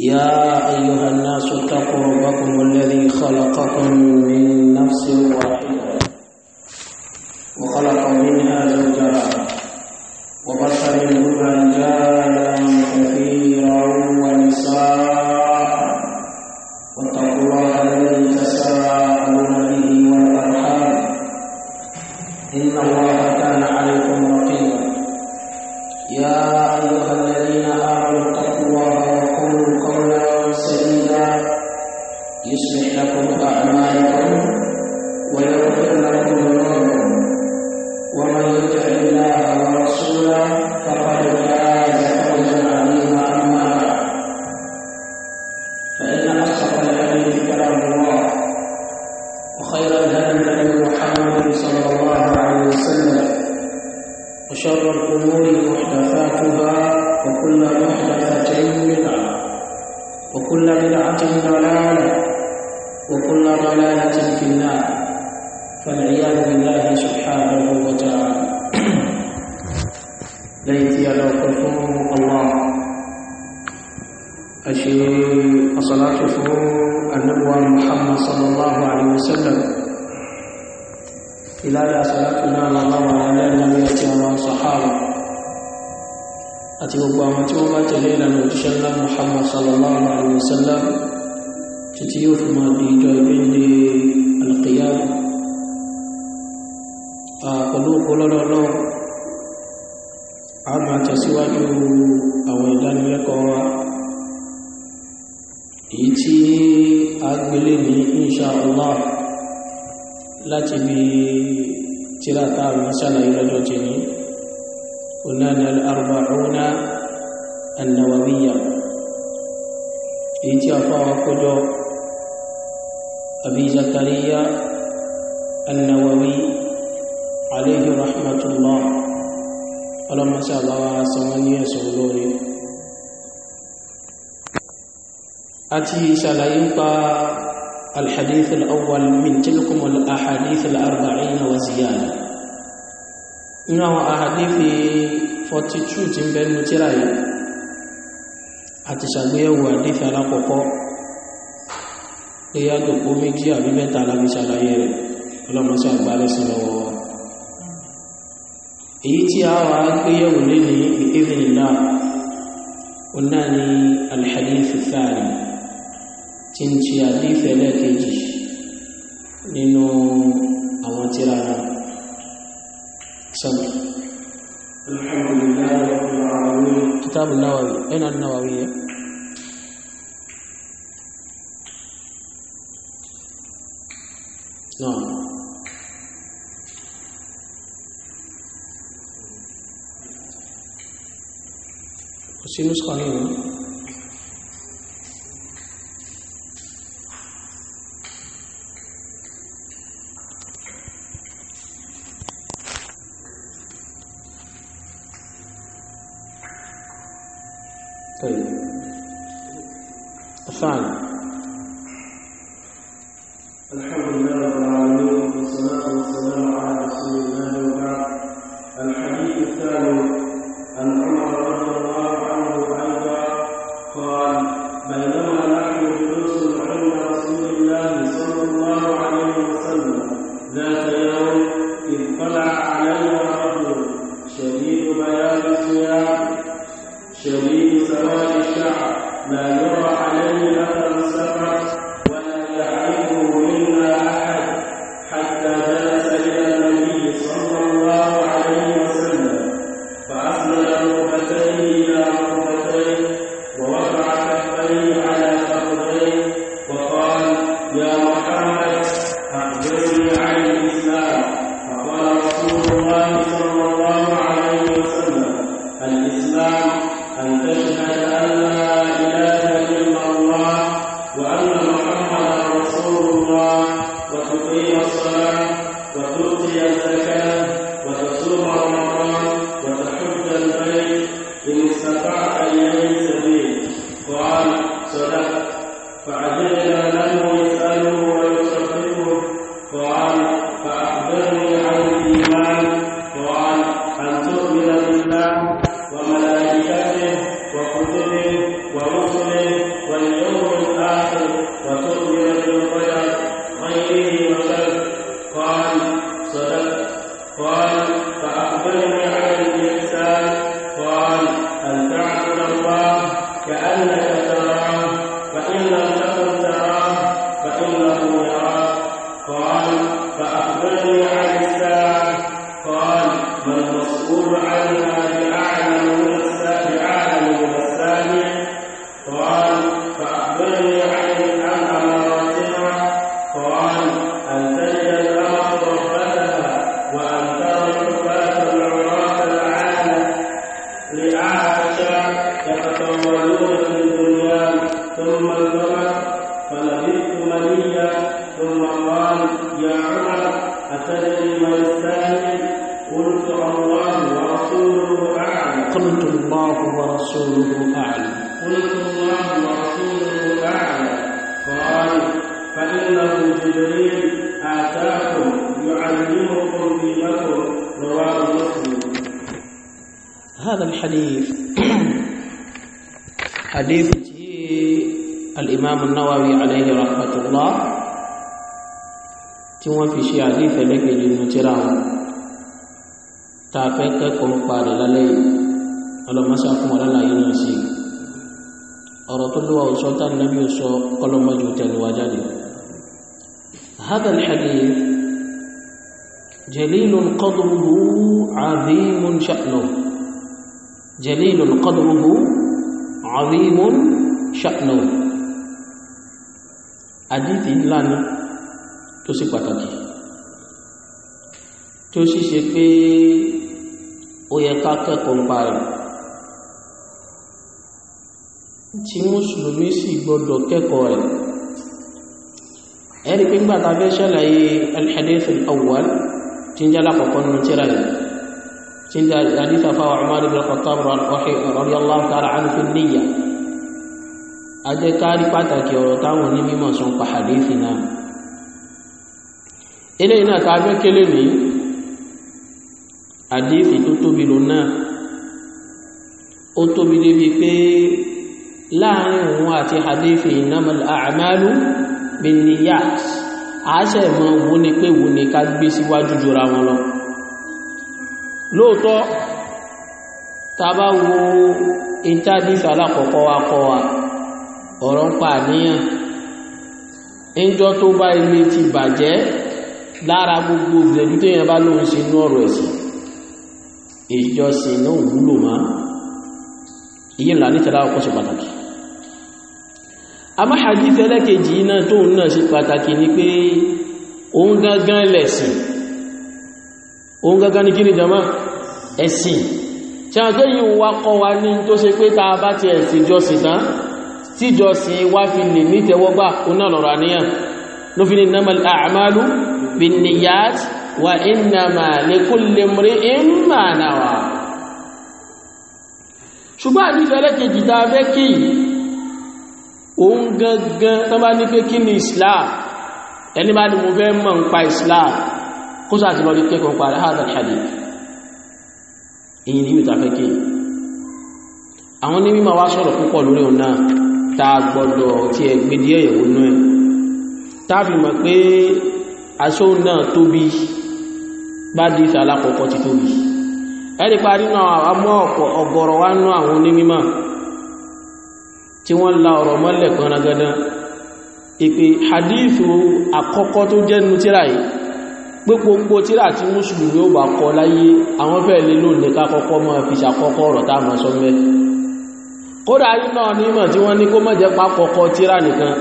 يا أيها الناس اتقوا ربكم الذي خلقكم من نفس واحدة tẹ̀síwájú àwọn ìdánilẹ́kọ̀ọ́ wa èyí tí a gbélé ní insha Allah láti bí tíráta àwọn sálàyé lọ́jọ́ ti ní onáni al-arba'una an-nawawiyya èyí tí a fáwọn kójọ أبي زكريا النووي عليه رحمة ọlọ́mọṣẹ́ àbáwá sọ wọ́n ní ẹ̀sùn olóore a ti ṣàlàyé ń pa الحديث الأول من تلكم الأحاديث الأربعين وزيادة إنه أحاديث 42 tí ń bẹ nínú tírà yìí àti ṣàgbéyẹ̀wò àdífì alákọ̀ọ́kọ́ léyàgbòpó méjì àbí mẹ́ta alábíṣàlàyé rẹ̀ ọlọ́mọṣẹ́ àgbálẹ́sìn lọ́wọ́ إيتي آوى اليوم لذي بإذن الله أناني الحديث الثاني تنتي حديث لا تجي نينو أواتر على صدر الحمد لله رب العالمين كتاب النووي؟ 心思空灵。ولا فإنه جبريل آتاكم يعلمكم دينكم رواه مسلم هذا الحديث حديث الإمام النووي عليه رحمة الله تيوا في شيء حديث لك جن مجرى تافيت كمقار للي ألو ما شافوا ولا لا ينسي أرطلوا وصوت النبي صلى الله عليه وسلم قلوا مجوتا وجدوا هذا الحديث جليل قدره عظيم شأنه جليل قدره عظيم شأنه حديث لنا تسي pàtàkì tó sì ṣe pé ó yẹ ká kẹ́kọ̀ọ́ nípa rẹ̀ tí mùsùlùmí sì gbọ́dọ̀ kẹ́kọ̀ọ́ rẹ̀ ẹ̀rí pé nígbà tàbí ṣàlàyé al-hadith al-awwal tí ń jẹ́ alákọ̀ọ́kọ́ nínú tíra yìí tí ń jẹ́ àdísà fáwọn Umar ibn al-Khattab radiyallahu ta'ala anhu níyà a jẹ́ kárí pàtàkì ọ̀rọ̀ táwọn ní mímọ̀ sọ pa hadith náà ilé iná tàbí tóbi lò náà pé láàrin òun àti hadith innamal a'malu bẹ̀nìyà àáṣẹ ìmọ̀ wo ni pé wo ni ká gbé síwájú jura wọn lọ lóòótọ́ ta bá wo intadis alákọ̀ọ́kọ́ wa kọ́ wa ọ̀rọ̀ ń pa àníyàn níjọ́ tó bá ilé ti bàjẹ́ lára gbogbo ìgbẹ̀lú téèyàn bá lóun ṣe inú ọ̀rọ̀ ẹ̀sìn ìjọsìn náà wúlò máa ìyẹn là tẹ́lá ọkọ̀ ṣe pàtàkì àmọ́ hadith ẹlẹ́kejì iná tó ń náà ṣe pàtàkì ni pé òun gangan lẹ̀sìn òun gangan ní kíni jama ẹ̀sìn tí a gbé yìí wá kọ́ wa ní tó ṣe pé ta bá ti ẹ̀sìn jọsìn tán tí jọsìn wá fi lè ní namal ṣùgbọ́n àdífẹ́lẹ́kejì ta fẹ́ kéyìí òun gangan tán bá ní pé kí ni islam ẹni bá ní mo fẹ́ mọ̀ ń pa islam kó sáà ti lọ rí kẹ́kọ̀ọ́ parí hadal hadith èyí ni mìta fẹ́ kí àwọn ní mímọ̀ wá sọ̀rọ̀ púpọ̀ lórí òun ta gbọ́dọ̀ ti ẹgbẹ́ díẹ̀ ìwò náà ta mọ̀ pé tí wọ́n la ọ̀rọ̀ mọ́lẹ̀ kan ragadan ìpè hadithu àkọ́kọ́ tó jẹ́ nínú tíra yìí pé gbogbo tíra tí mùsùlùmí ó bá kọ láyé àwọn fẹ́ lè lò ní kákọ́kọ́ mọ́ fi ṣàkọ́kọ́ ọ̀rọ̀ tá mọ́ sọ́mẹ́ kódà nínú onímọ̀ tí wọ́n ní kó mọ́ jẹ́ pákọ́kọ́ tíra nìkan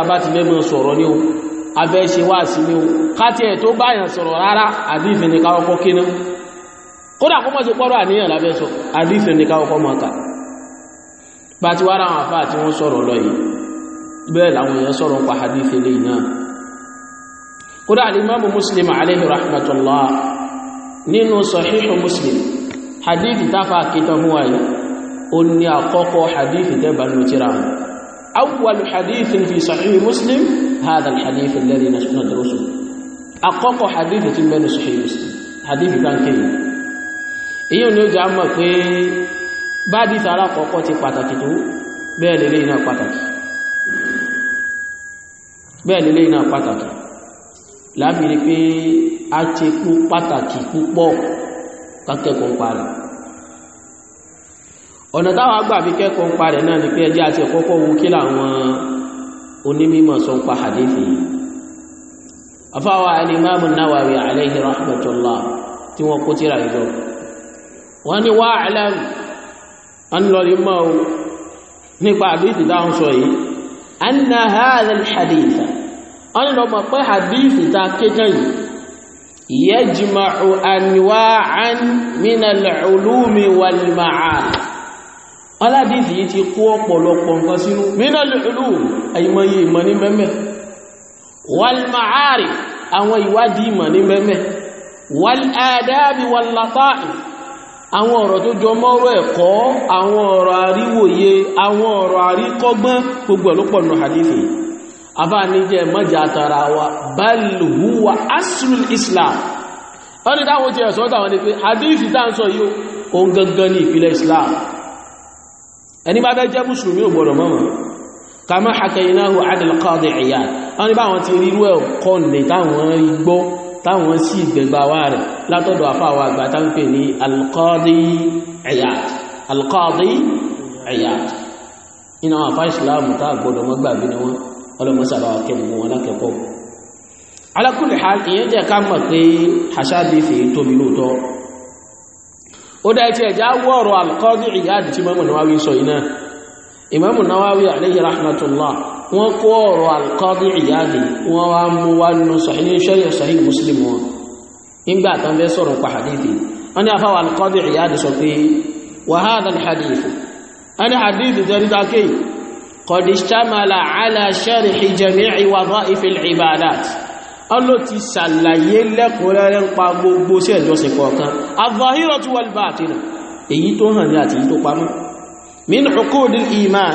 a bá ti mẹ́mọ́ sọ̀rọ̀ ní o abẹ́ ṣe wá sí ní o káti ẹ̀ tó báyàn sọ̀rọ̀ rárá àdífẹ́ ní kákọ́kọ́ kíná kódà kó mọ́ ṣe pọ́rọ̀ àníyàn lábẹ́ sọ àdífẹ́ bá ti wá ra àwọn àfáà tí wọ́n sọ̀rọ̀ lọ yìí bẹ́ẹ̀ làwọn èèyàn sọ̀rọ̀ pa hadith eléyìí náà kódà alimami muslim alayhi rahmatullah nínú sahihu muslim hadith táfà kíta fún wa yìí ó ní àkọ́kọ́ hadith tẹ́bà ló tíra wọn awwal hadith fi sahihu muslim hadha alhadith pé bá dìtà alákọ̀ọ́kọ́ ti pàtàkì tó bẹ́ẹ̀ lélé iná pàtàkì bẹ́ẹ̀ lélé iná pàtàkì lábìrí pé a ti kú pàtàkì púpọ̀ kákẹ́kọ̀ọ́ parẹ̀ ọ̀nà táwọn agbà fi kẹ́kọ̀ọ́ parẹ̀ náà ni pé ẹjẹ́ àti ẹ̀kọ́kọ́ wu kí làwọn onímọ̀ sọ ń pa Nawawi alayhi rahmatullah tí wọ́n kó tíra ìjọ wọ́n ni a ń lọ rí mọ́ o nípa àdíìsì táwọn sọ yìí a ń na hàádà hadith a lọ mọ̀ pé àdíìsì ta kéjọ yìí يجمع أنواعا من العلوم والمعارف aládìsí yìí ti kó ọ̀pọ̀lọpọ̀ nǹkan sínú minal ulum àìmọye ìmọ̀ ní mẹ́mẹ́ wal ma'arif àwọn ìwádìí ìmọ̀ ní mẹ́mẹ́ wal adabi wal lata'if àwọn ọ̀rọ̀ tó jọ mọ́rọ̀ ẹ̀kọ́ àwọn ọ̀rọ̀ àríwòye àwọn ọ̀rọ̀ àríkọ́gbọ́n gbogbo ẹ̀lọ́pọ̀ nù hadithi afáàníjẹ́ mọ́jà tara wa balùwúwa aslul islam wọ́n ni táwọn ti ẹ̀sọ́ táwọn ni pé hadithi tá ń sọ yìí òun gangan ní ìpìlẹ̀ islam ẹni bá fẹ́ jẹ́ mùsùlùmí ò táwọn sì gbẹ̀gbà wá rẹ̀ látọ̀dọ̀ àfáwà àgbà táńpè ní alqadi Iyad alqadi Iyad iná àfá ìsìláàmù tá àgbọ̀dọ̀ mọ́ gbàgbé ni wọ́n ọlọ́mọ́sàbáwà kẹ́gbùn wọn lákẹ́kọ̀ọ́ ala kulli hal ìyẹn jẹ́ ká mọ̀ pé àṣábí fi tóbi lóòtọ́ ó dá ẹ̀tí ẹ̀já wọ́ọ̀rọ̀ alqadi Iyad tí Imam Nawawi sọ iná Imam Nawawi alayhi rahmatullah wọ́n kó ọ̀rọ̀ alqadi ìyáàdì wọ́n wá mú wá nínú sahih sharh sahih muslim wọn nígbà tán bẹ́ sọ̀rọ̀ pa hadithi wọ́n ní afáwọ̀ alqadi ìyáàdì sọ pé wa hadha alhadith wọ́n ní hadithi min uqudil iman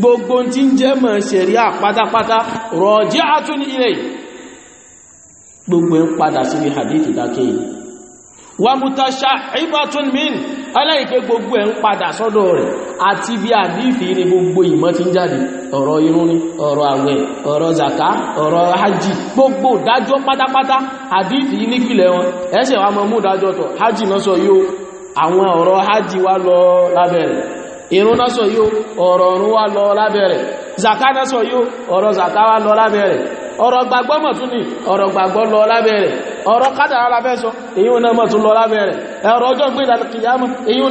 gbogbo tí ń jẹ́ mọ̀ ṣẹ̀ríà pátápátá rọ̀jí àtún ilẹ̀ gbogbo ń padà sí hadithi dákẹ́ yìí wà mútasá ìbátún min aláìpẹ́ gbogbo ẹ̀ ń padà sọ́dọ̀ rẹ̀ àti bí àdífì ní gbogbo ìmọ̀ tí ń jáde ọ̀rọ̀ irun ni ọ̀rọ̀ àwẹ̀ ọ̀rọ̀ zaka ọ̀rọ̀ hajj gbogbo dájọ́ pátápátá àdífì nípìlẹ̀ wọn ẹsẹ̀ wa mọ̀ mú dájọ́ tọ̀ hajj náà sọ yóò àwọn ọ̀rọ̀ hajj wá lọ lábẹ́rẹ̀ irun násọ̀ yóò ọ̀rọ̀ ọ̀run wá lọ zaka sọ yóò ọ̀rọ̀ zaka wá lọ lábẹ́rẹ̀ ọ̀rọ̀ gbàgbọ́ mọ̀ ni ní ọ̀rọ̀ gbàgbọ́ lọ lábẹ́rẹ̀ ọ̀rọ̀ kádàrá lábẹ́ sọ èyí náà mọ̀ tún lọ lábẹ́rẹ̀ ẹ̀rọ ọjọ́ gbé ìdàkìyàmù èyí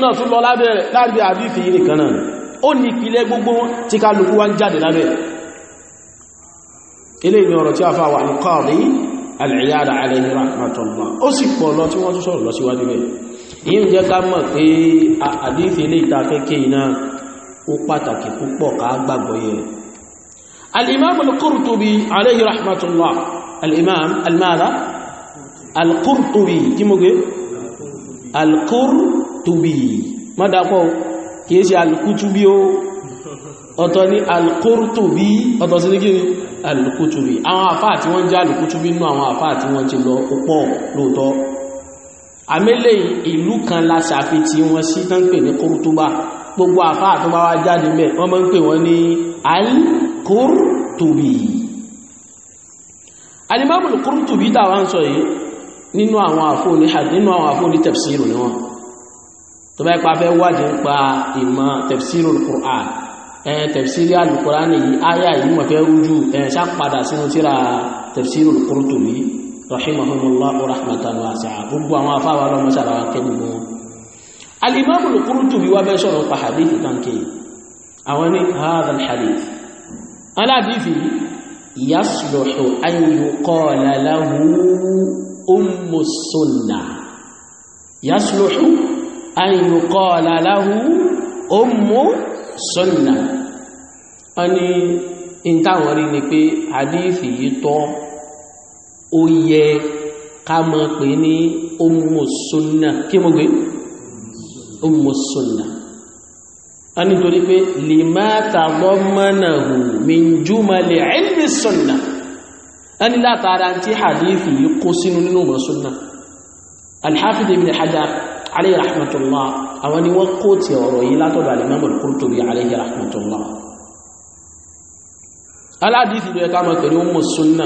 náà a yìí ń jẹ́ ká mọ̀ pé àdífẹ́ ilé ìtafẹ́kẹ́ iná ó pàtàkì púpọ̀ ká gbàgbọ́ yẹ al-imam al-qurtubi alayhi rahmatullah al-imam al-mada al-qurtubi kí mo gbé al-qurtubi kìí ṣe al ó ọ̀tọ̀ ní al-qurtubi sí ní kí àwọn àfáà tí wọ́n jẹ́ al-kutubi àwọn àfáà tí wọ́n ti lọ púpọ̀ lóòtọ́ àmẹ́lẹ̀ ìlú kan la ṣàfitì wọn sí tán pè ní kúrútúbá gbogbo àfáà tó bá wá jáde mẹ́ wọ́n máa ń pè wọ́n ní al-Qurtubi al-Imam al-Qurtubi tàwa ń sọ yìí nínú àwọn àfóní nínú àwọn àfóní tafsiru ni wọn tó bá ipa fẹ́ wádìí ń pa ìmọ̀ tafsiru al-Qur'an ẹ̀yẹn tafsiru al-Qur'an yìí áyà yìí mọ̀ fẹ́ rújú ẹ̀yẹn sá padà sínú tíra tafsiru al-Qurtubi rahimahumullahu rahmatan wasi'a gbogbo àwọn afáwà lọ́mọ sàràwà kẹ́gbogbo wọn al-imam al-Qurtubi wá bẹ́ sọ̀rọ̀ pa hadith kanke àwọn ní hadha al-hadith aládìfì yasluhu an yuqala lahu ummu sunnah yasluhu an yuqala lahu ummu sunnah wọ́n ni pé hadith yìí tọ́ ó yẹ ká mọ̀ pé ní umusunna kí mo gbé umusunna a nítorí pé lima tadammanahu min jumali ilmi sunna a ní látara tí hadithi yìí kó sínú nínú umusunna alhafidh ibn hajar alayhi rahmatullah àwọn ni wọ́n kó ti ọ̀rọ̀ yìí látọ̀dọ̀ al-imam alayhi rahmatullah aládìí ti lọ ẹ̀ká mọ̀ pẹ̀lú umusunna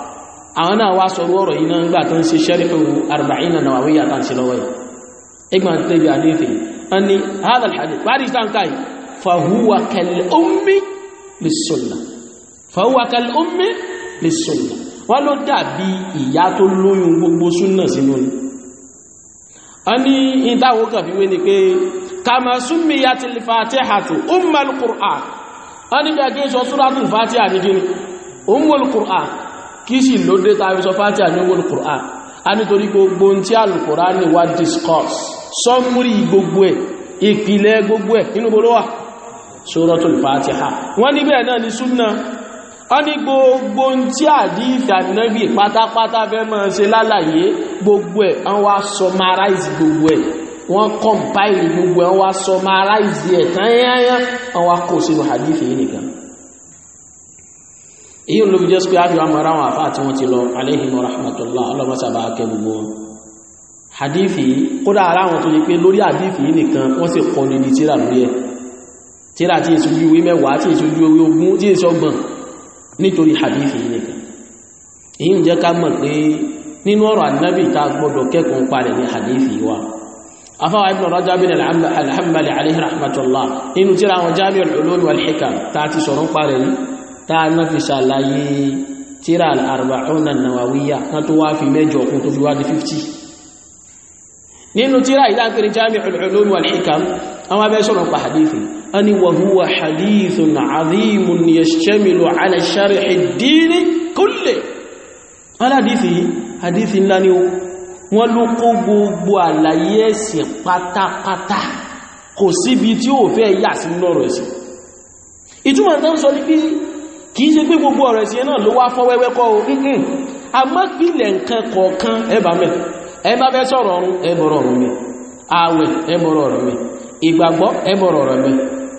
àwọn náà wá sọ̀rọ̀ ọ̀rọ̀ yìí náà gbà tó ń ṣe sẹ́rífù arba'ina nawawiyya tá ń ṣe lọ́wọ́ yìí igba tó bí àdífẹ́ wọ́n ni hadha alhadith wárí ìsáǹkáì fahuwa kal'ummi lissunna fahuwa kal'ummi lissunna wọ́n ló dàbí ìyá tó lóyún gbogbo súnnà sínú ni wọ́n ni ìdáwó kí sì ló dé tàbí sọ fàtí àníwòl Qur'an a nítorí gbogbo tí al-Qur'an ni wá discourse sọmúrí gbogbo ẹ̀ ìpìlẹ̀ gbogbo ẹ̀ inú gbogbo wà Suratul Fatiha wọ́n ní náà ni súnà a ní gbogbo tí àdífẹ́ ànábì pátápátá fẹ́ máa ṣe lálàyé gbogbo ẹ̀ wọ́n wá summarize gbogbo ẹ̀ wọ́n compile gbogbo ẹ̀ wọ́n wá summarize ẹ̀ tán yányán wọ́n wá kó sínú àdífẹ́ yìí nìkan èyí ló fi jẹ́ pé àjọ àmọ́ra àwọn àfáà tí wọ́n ti lọ aléhìmọ̀ rahmatullah ọlọ́mọsàbà akẹ́gbogbo wọn hadithi kódà ara àwọn tó ní pé lórí hadithi nìkan wọ́n sì kọ́ ní tíra lórí ẹ̀ tíra tí ìṣojú ìwé mẹ́wàá tí ìṣojú ìwé ogún tí ìṣọgbọ̀n nítorí hadithi nìkan èyí ń jẹ́ ká mọ̀ pé nínú ọ̀rọ̀ ànábì ta gbọ́dọ̀ kẹ́kọ̀ọ́ parẹ̀ ní tá a náà fi ṣàlàyé tíra al-arba'una an-nawawiyya wọ́n tó wá fi mẹ́jọ kún tó fi wá di 50 nínú tíra ìdánkiri jami'ul ulum wal hikam àwọn abẹ́ sọ̀rọ̀ pa hadithi a ni wa huwa hadithun azimun yashtamilu ala sharhi dini kulli aladithi hadithi ńlá ni wọ́n ló kó gbogbo àlàyé ẹ̀sìn pátápátá kò síbi tí ó fẹ́ yà sí lọ́rọ̀ ẹ̀sìn ìtumọ̀ tán sọ ní kìí ṣe pé gbogbo ọ̀rọ̀ ẹ̀sìn náà ló wá fọ́ wẹ́wẹ́ kọ́ o amápìlẹ̀ nǹkan kọ̀ọ̀kan ẹbà mẹ́ ẹbà bẹ́ sọ̀rọ̀ ọ̀run ẹbọ̀rọ̀ ọ̀rọ̀ mi ààwẹ̀ ẹbọ̀rọ̀ ọ̀rọ̀ mi ìgbàgbọ́ ẹbọ̀rọ̀ ọ̀rọ̀ mi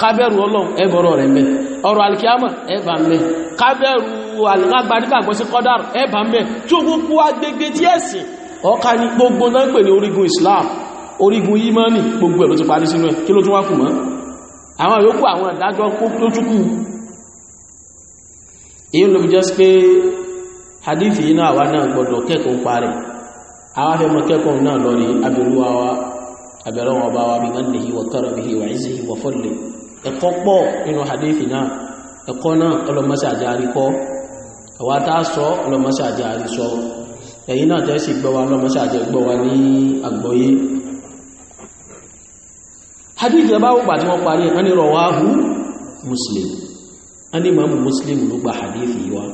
kábẹ̀rù ọlọ́run ẹbọ̀rọ̀ rẹ̀ mẹ́ ọ̀rọ̀ alikiyama ẹbà mẹ́ kábẹ̀rù alágbàdìgbàgbọ́ sí kọ́dàrù Islam orígun imani gbogbo ẹ̀ ló ti parí sínú ẹ̀ kí ló tún wá èyí ló fi jẹ́ sí pé hadithi yìí náà wá náà gbọdọ̀ kẹ́kọ̀ọ́ parí àwọn afẹ́mọ́ kẹ́kọ̀ọ́ náà lọ rí abẹ́lúwa wa abẹ́rẹ́ wọn bá wa bí wọ́n nìyí wọ́n kọ́rọ̀ bí wọ́n ìsì wọ́n fọ́lẹ̀ ẹ̀kọ́ pọ̀ nínú hadithi náà ẹ̀kọ́ náà ọlọ́mọṣẹ́ àjárí kọ́ muslim a ní Imam Muslim ló gba hadith yìí wá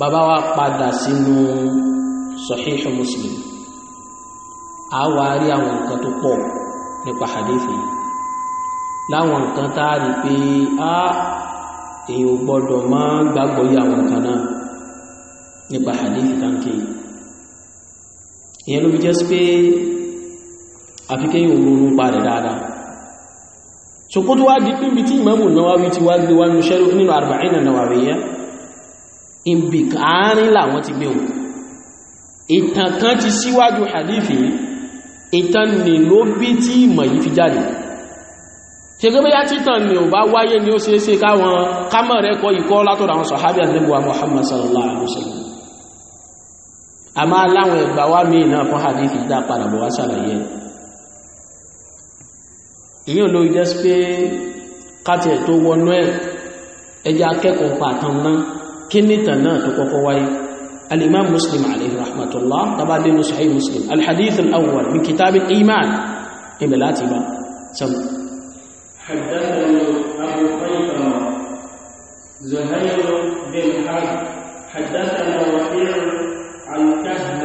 bàbá wa padà sínú Sahih Muslim a wá rí àwọn nǹkan tó pọ̀ nípa hadith yìí láwọn nǹkan tá a rí pé a èèyàn gbọ́dọ̀ máa gbàgbọ́ yí àwọn nǹkan náà nípa hadith tanke ìyẹn ló fi jẹ́ sí pé àfikẹ́yìn òun ló ń dáadáa so kó tó wá di pín bí tí Imam Nawawi ti wá gbé wá ní ṣẹ́rù nínú Arba'ina Nawawiyya in bí káàrin làwọn ti gbé o ìtàn kan ti síwájú hadithi ìtàn ni ló bí tí ìmọ̀ yìí fi jáde ṣe gẹ́gẹ́ yá títàn ni ò bá wáyé ni ó ṣeéṣe káwọn kámọ̀ kọ ìkọ́ látọ̀dọ̀ èyí ò lórí jẹ́sí pé káàtẹ̀ tó wọnú ẹ̀ ẹjẹ́ akẹ́kọ̀ọ́ pàtàn náà kí nìtàn náà tó kọ́kọ́ wáyé الإمام مسلم عليه رحمة الله طبعا لأنه صحيح مسلم الحديث الأول من كتاب الإيمان إما لا تبا سم حدثني أبو قيثمة زهير بن حرب حدثنا وكيع عن كهف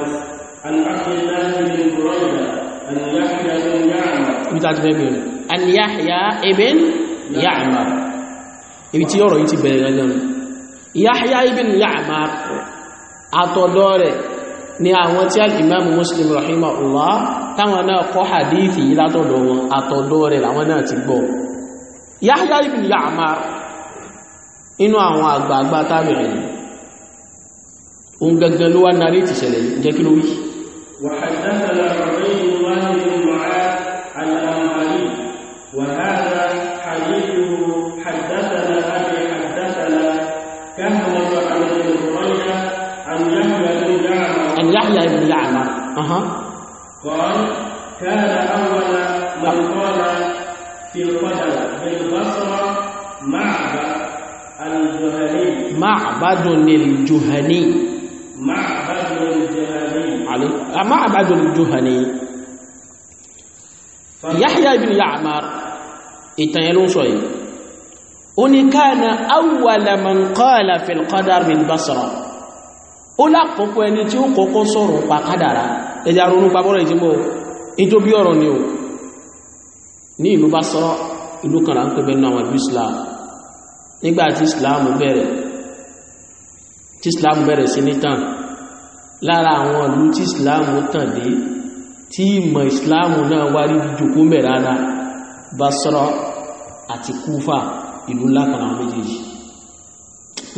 عن عبد الله بن بريدة عن يحيى بن يعمر an Yahya ibn Ya'mar ibi tí ọ̀rọ̀ yìí ti bẹ̀rẹ̀ gangan Yahya ibn Ya'mar àtọ̀dọ̀ rẹ̀ ni àwọn tí al-Imam Muslim rahimahullah táwọn náà kọ́ hadithi yìí látọ̀dọ̀ wọn àtọ̀dọ̀ rẹ̀ làwọn náà ti gbọ́ Yahya ibn Ya'mar inú àwọn àgbààgbà tábìrin òun gangan ló wá narí ti ṣẹlẹ̀ jẹ́ kí ló wí وحدثنا ربيع أها قال كان أول من قال في القدر بالبصرة معبد الجهني معبد الجهني معبد الجهني علي آه، معبد الجهني يحيى بن يعمر يتنيلون شوي أني كان أول من قال في القدر بالبصرة أولا قوكو أني تيو صورو قدرا ẹja ronú pàbọ́rọ̀ ìjímọ̀ ìjó bí ọ̀rọ̀ ni o ní ìlú bá sọ ìlú kan láń pẹ̀bẹ̀ náà wọ́n islam nígbà tí islam bẹ̀rẹ̀ tí islam bẹ̀rẹ̀ sí ní tàn lára àwọn ìlú tí islam tàn dé tí ìmọ̀ islam náà wá rí jòkó mẹ́rẹ̀ ara bá sọ́rọ̀ àti kúfà ìlú ńlá kan àwọn méjèèjì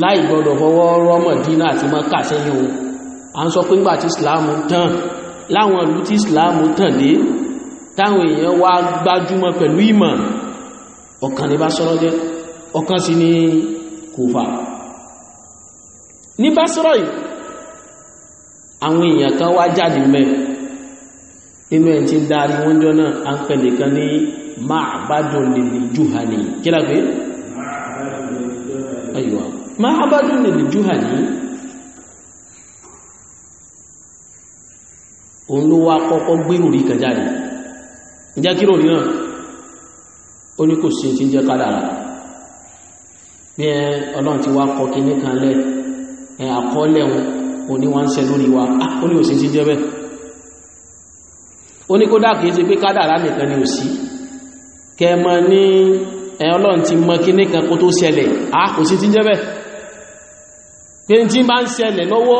láì gbọdọ̀ fọwọ́ rọ́mọ̀ dínà àti mọ́kà sẹ́yìn o à ń sọ pé ńgbà tí islam tàn láwọn ìlú tí islam tàndé táwọn èèyàn wá gbájúmọ́ pẹ̀lú ìmọ̀ ọ̀kan ní bá sọ́rọ̀ jẹ́ ọ̀kan sí ní kòfà ní bá sọ́rọ̀ yìí àwọn èèyàn kan wá jáde mẹ́ inú ẹ̀ tí darí wọ́n jọ náà a ń pẹ̀lẹ̀ kan ní ma'abadun lil juhani kí lápé ma'abadun lil juhani òun ló wá kọ́kọ́ gbérò rí kan jáde ìjẹ́ kí rò rí náà ó ní kò sí ti ń jẹ́ kádàrà bí ẹ ọlọ́run ti wá kọ́ kíní kan lẹ́ ẹ àkọọ́lẹ̀ wọn ò ní wọ́n ń ṣe lórí wa ah, ó ní òsì ti jẹ́ bẹ́ẹ̀ ó ní kódà kìí ṣe pé kádàrà nìkan ni òsì kẹ mọ ní ẹ ọlọ́run ti mọ kíní kan kó tó ṣẹlẹ̀ á ah, kò sí ti jẹ́ bẹ́ẹ̀ pé tí bá ń ṣẹlẹ̀ lọ́wọ́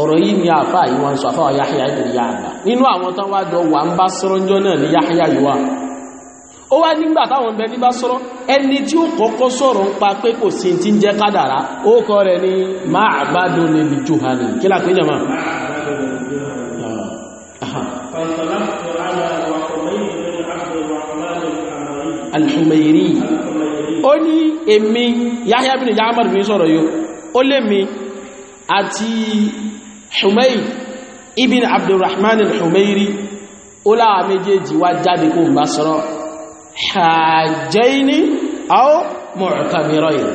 ọ̀rọ̀ yìí ni àfà ìwọ̀n sọ àfà Yahya ibn Ya'la nínú àwọn tán wá jọ wà ń bá sọ́rọ̀ jọ náà ní Yahya yìí wà ó wá nígbà táwọn bẹ ní bá sọ́rọ̀ ẹni tí ó kọ́kọ́ sọ̀rọ̀ ń pa pé kò sí ti ń jẹ́ kádàrá ó kọ́ rẹ̀ ní Ma'badu li Juhani kí láti jọmọ́ al-Humayri ó ní èmi Yahya ibn Ya'la mi sọ̀rọ̀ yóò ó lé mi àti Humayr ibn Abdurrahman al-Humayri ó láwà méjèèjì wá jáde kó ń bá sọ́rọ̀ hajjaini aw mu'tamirayn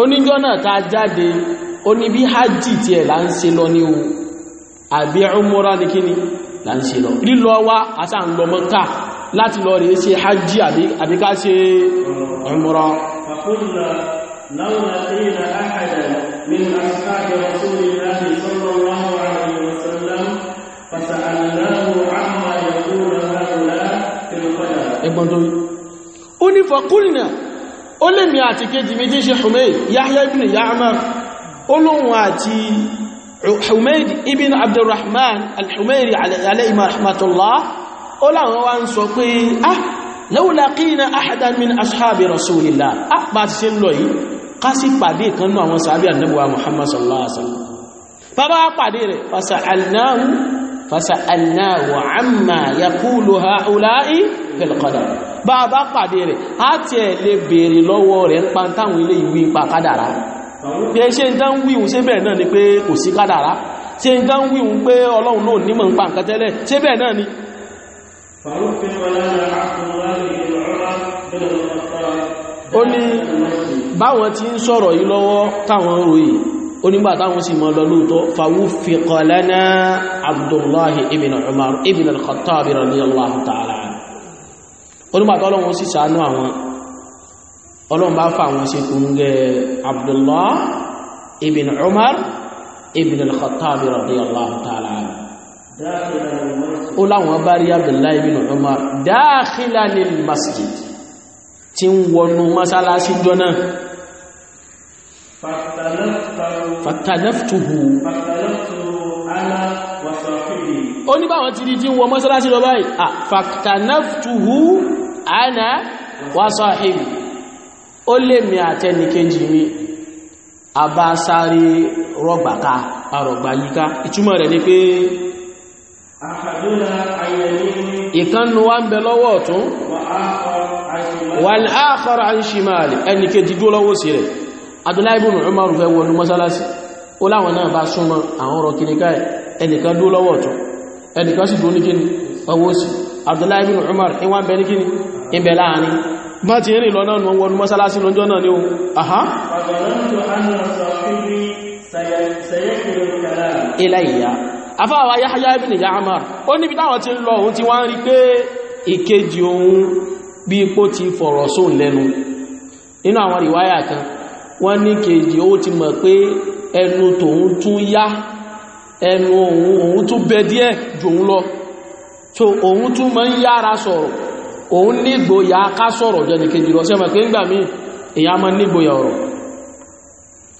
oníjọ́ náà ta jáde ó ní bí hajji tí ẹ̀ là ń ṣe lọ ní o àbí umura ní kíni là ń ṣe lọ lílọ wá àṣà ń lọ Mọ́kà láti lọ rèé ṣe hajji àbí ká ṣe umura فقلنا لو لقينا أحدا من أصحاب رسول ẹgbọ́n tó rí ó ní fọkúrìnà ó lè mi àti kejì mi tí ṣe Humayd Yahya ibn Ya'mar olóhun àti Humayd ibn Abdurrahman al-Humayri alayhi rahmatullah ó láwọn wá ń sọ pé ah law laqina ahadan min ashabi rasulillah ah bá ti ṣe ń pàdé ìkan àwọn sàábí annabuwa Muhammad sallallahu alaihi wasallam bàbá pàdé rẹ̀ fasa alinahu fasalnahu amma yaqulu haula'i fil qadar bá bá pàdé rẹ̀ á ti ẹ̀ lè bèèrè lọ́wọ́ rẹ̀ ń pa táwọn ilé ìwé ipa kádàrá pé ṣe ń tán wíhun ṣé bẹ́ẹ̀ náà ni pé kò sí kádàrá ṣe ń tán wíhun pé ọlọ́run náà nímọ̀ ń pa nǹkan tẹ́lẹ̀ náà ni ó ní báwọn ti ń sọ̀rọ̀ yìí lọ́wọ́ táwọn ròyìn onígbà táwọn sì mọ́ lọ lóòtọ́ fawuffiqa lana abdullahi ibn umar ibn al-khattab radiyallahu ta'ala onígbà tọ́lọ́wọ́n sì sàánú àwọn ọlọ́run bá fà àwọn sí kúngẹ́ abdullahi ibn umar ibn al-khattab radiyallahu ta'ala ó láwọn bá rí abdullahi ibn umar dáàkílá ní masjid tí ń wọnú masálásí jọ náà fàtàlẹ́fùtùhù ó ní báwọn ti rí tí wọ mọ́sálásí lọ báyìí à fàtàlẹ́fùtùhù àánà wàsáhìbì ó lè mi àtẹnìkejì mi àbá sáré rọgbàká àrọ̀gbà yíká ìtumọ̀ rẹ̀ ni pé ìkànnù wa ń bẹ lọ́wọ́ ọ̀tún wal akhar an shimali ẹnìkejì dúó lọ́wọ́ sí rẹ̀ Abdullahi ibn Umar fẹ́ wọnú mọ́sálásí ó láwọn náà bá súnmọ́ àwọn ọ̀rọ̀ kìnníká ẹ̀ ẹnìkan dó lọ́wọ́ ọ̀tọ̀ ẹnìkan sì dó ní kíni ọwọ́ sí Abdullahi ibn Umar ìwọ̀n bẹ ní kíni ìbẹ̀ láàrin bá ti rìn lọ náà wọnú mọ́sálásí lọ́jọ́ náà ni ó aha ilayya afáwà Yahya ibn Ya'mar ó níbi táwọn ti lọ òun ti wá ń rí pé ìkejì òun bí ipò ti fọ̀rọ̀ sóun lẹ́nu nínú àwọn ìwáyà kan wọ́n ní kejì ó ti mọ̀ pé ẹnu tòun tún yá ẹnu òun òun tún bẹ díẹ̀ jù òun lọ so òun tún mọ́ ń yára sọ̀rọ̀ òun nígboyà ká sọ̀rọ̀ jẹ́ ní kejì lọ sẹ́mọ̀ pé ńgbà míì èyà mọ́ nígboyà ọ̀rọ̀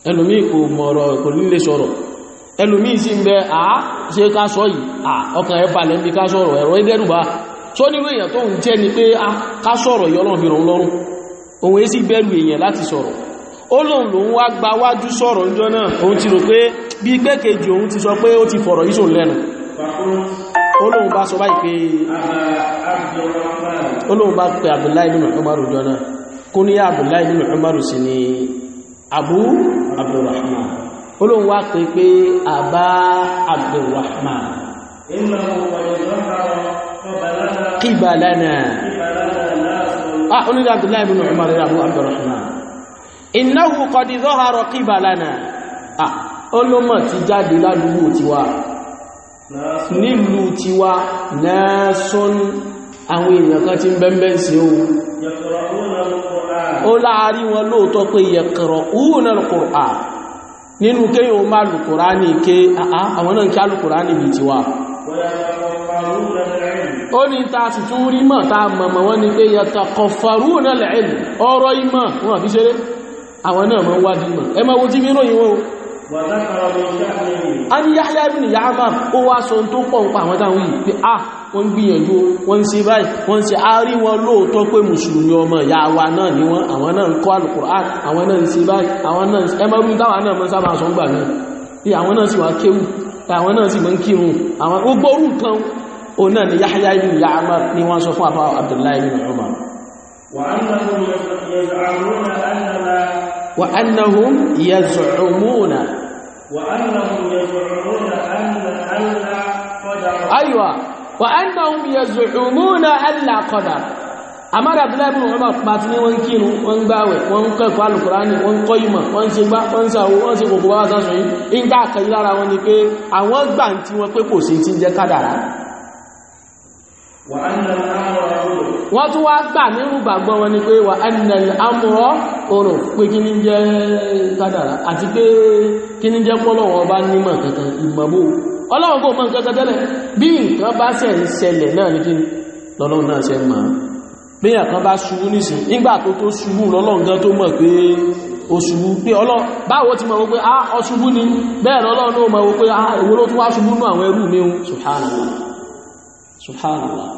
ẹlòmí kò mọ̀rọ̀ kò nílé sọ̀rọ̀ ẹlòmí sí ń bẹ àá ṣe ká sọ yìí à ọkàn ẹ balẹ̀ ń bí ká sọ̀rọ̀ ẹ̀rọ ẹdẹ́rùbá tó nírú èèyàn tó jẹ́ ni pé ká sọ̀rọ̀ yọlọ́run fi ràn lọ́rùn òun èsì bẹ̀rù èèyàn láti sọ̀rọ̀ ó lòun lòun wá gba wájú sọ̀rọ̀ ìjọ náà òun ti rò pé bí gbẹ́kejì òun ti sọ pé ó ti fọ̀rọ̀ yíṣò lẹ́nu ó lòun bá sọ báyìí pé ó lòun bá pè Abdullahi ibn Umar ìjọ náà kó ní Abdullahi ibn Umar sí ni Abu Abdurrahman ó lòun wá pè pé Aba Abdurrahman kíbalana ah onídàá Abdullahi ibn Umar ìràbù Abdurrahman innahu qad dhahara qibalana ọlọ́mọ̀ ti jáde ládúgbò tiwa nílùú tiwa náà sọ́n àwọn èèyàn kan ti ń bẹ́m̀bẹ́ sí ohun ó láàrí wọn lóòtọ́ pé yẹ̀kọ̀rọ̀ òun náà lùkùrà nínú kí ó ní ta sì tún rí mọ̀ ta mọ̀mọ̀ wọ́n ni pé yẹ̀kọ̀fàrú náà lẹ́ẹ̀lì ọ̀rọ̀ ìmọ̀ wọn fi ṣeré àwọn náà ma ń wá dínà ẹ ma wo tí mí ròyìn wọn a ní Yahya ibn Ya'mar ó wá sọ tó pọ̀ ń pa àwọn táwọn yìí pé ah wọ́n gbìyànjú wọ́n ṣe báyìí wọ́n ṣe àárí wọn lóòótọ́ pé mùsùlùmí ọmọ ìyá wa náà ni wọ́n àwọn náà kọ́ al وأنهم يزعمون وأنهم يزعمون أن ألا قدر أيوة وأنهم يزعمون ألا قدر àmàrà abdullahi bin umar pàtí ní wọ́n kírù wọ́n gbáwẹ̀ wọ́n kẹ́kọ̀ọ́ alùkùránì wọ́n kọ́ ìmọ̀ wọ́n ṣe gbá wọ́n sàwọ́ wọ́n ṣe kòkòrò wá sáṣọ yìí in tá àkàyí lára wọn ni pé àwọn gbà tí wọ́n pé kò sí ti jẹ́ kádàrá wà á wọ́n tún wá gbà nínú gbàgbọ́ wọn ni pé wà ẹnìyàn amúrọ́ ọ̀rọ̀ pé kí ní jẹ́ kádàrá àti pé kí ní jẹ́ pọ́lọ̀wọ́ bá nímọ̀ kankan ìmọ̀bó ọlọ́run kò mọ̀ kankan tẹ́lẹ̀ bí nǹkan bá ṣẹ̀ ń ṣẹlẹ̀ náà ní kí lọ́lọ́run náà ṣe mọ̀ bí nǹkan bá ṣubú nísìn nígbà tó tó ṣubú lọ́lọ́run gan tó mọ̀ pé ó ṣubú pé ọlọ́run báwo ti mọ̀ wípé a ah, ọṣubú ni bẹ́ẹ̀ lọ́lọ́run ó mọ̀ wípé a ah, ìwòló tó wá ṣubú nú àwọn ẹrú mi subhanallah subhanallah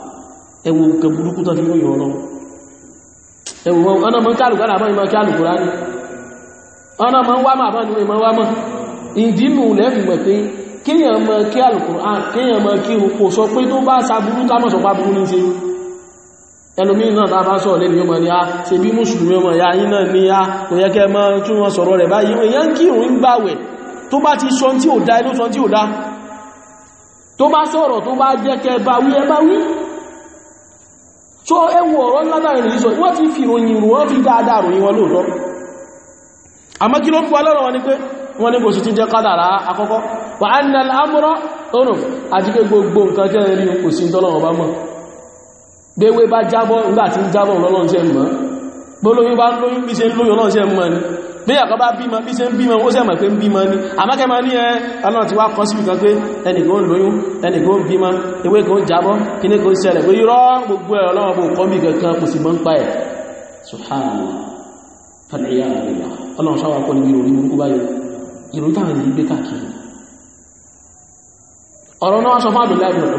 ẹwọ nǹkan burúkú tó fi ròyìn ọ̀rọ̀ ẹwọ ọ̀nà mọ́ kálùkù náà mọ́ kí alùkùrá ní ọ̀nà mọ́ wá máa fún ìmọ̀ wá mọ́ ìdínú lẹ́fìmọ̀ pé kíyàn mọ́ kí alùkùrá kíyàn mọ́ kí rúkò sọ pé tó ta bá sọ̀rọ̀ lẹ́nu ọmọ ya ah, ṣe bí mùsùlùmí ọmọ ya ah, iná ní ya ah, kò yẹ kẹ́ mọ́ tún wọn sọ̀rọ̀ rẹ̀ báyìí wọ́n yẹn kí òun gbàwẹ̀ tó bá ti sọ tí ò dá inú sọ tí ò dá tó bá sọ̀rọ̀ tó bá jẹ́ kẹ́ bá ẹ bá so ẹwọ ọ̀rọ̀ ńlátàrin ìsọ wọ́n ti fi ròyìn rò wọ́n fi dáadáa ròyìn wọn lóòtọ́ àmọ́ kí ló fún alọ́rọ̀ wọn ni pé wọ́n ní kò sí ti jẹ́ kádàrá àkọ́kọ́ wà á nà lámúrọ́ tónù àti pé gbogbo nǹkan tẹ́ rí gbólóyún bá lóyún bí ṣe lóyún náà ṣe mọ́ ni bí ẹ̀kọ́ bá bímọ bí ṣe ń bímọ ó sẹ́mọ̀ pé ń bímọ ní àmọ́kẹ́mọ́ ní ẹ ọlọ́run ti wá kọ́ sí ìkan pé ẹnìkan lóyún ẹnìkan bímọ ewé kan jábọ́ kíní kan ṣẹlẹ̀ pé irọ́ gbogbo ẹ̀ ọlọ́run kò kọ́ bí kankan kò sì mọ́ ń pa ẹ̀ subhanallah fàlẹ́yà ọlọ́run ṣáwà kọ́ níbi ìròyìn burúkú báyìí ìròyìn táwọn ènìyàn gbé káàkiri ọ̀rọ̀ náà sọ fún àbẹ̀lẹ́ àbẹ̀lẹ́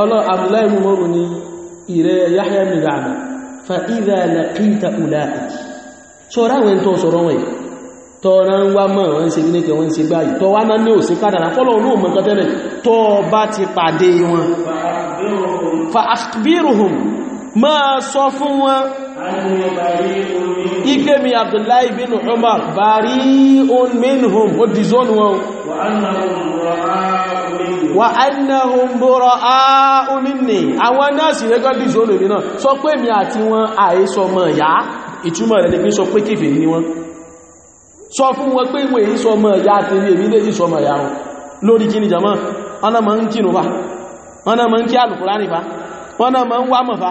ọlọ́ abdullahi mọ́rún ni ìrẹ yahya mìíràn fa idha laqita ulaik ṣọ́rá wọn tó sọ̀rọ̀ wọn tọ́ọ̀rọ̀ ń wá mọ̀ wọ́n ṣe ní kẹ wọ́n ṣe gbáyì tọ́ wá náà ní ò kádàrà fọ́lọ̀ olóò ike mi abdullahi bin umar bari'un minhum ó di zónù wọn wa annahum bura'u minni àwọn náà sì rẹ́gọ́ di zónù mi náà sọ pé mi àti wọn àìsọ mọ̀ yá ìtumọ̀ rẹ̀ ni pé sọ pé kèfè ní wọn sọ fún wọn pé ìwé ìsọ mọ̀ yá tẹ̀lé èmi lè sọ mọ̀ yá wọn lórí kí ni jama wọn ma ń kírun fa wọn ma ń kí alùkùránì fa wọn ma ń wá mọ̀ fa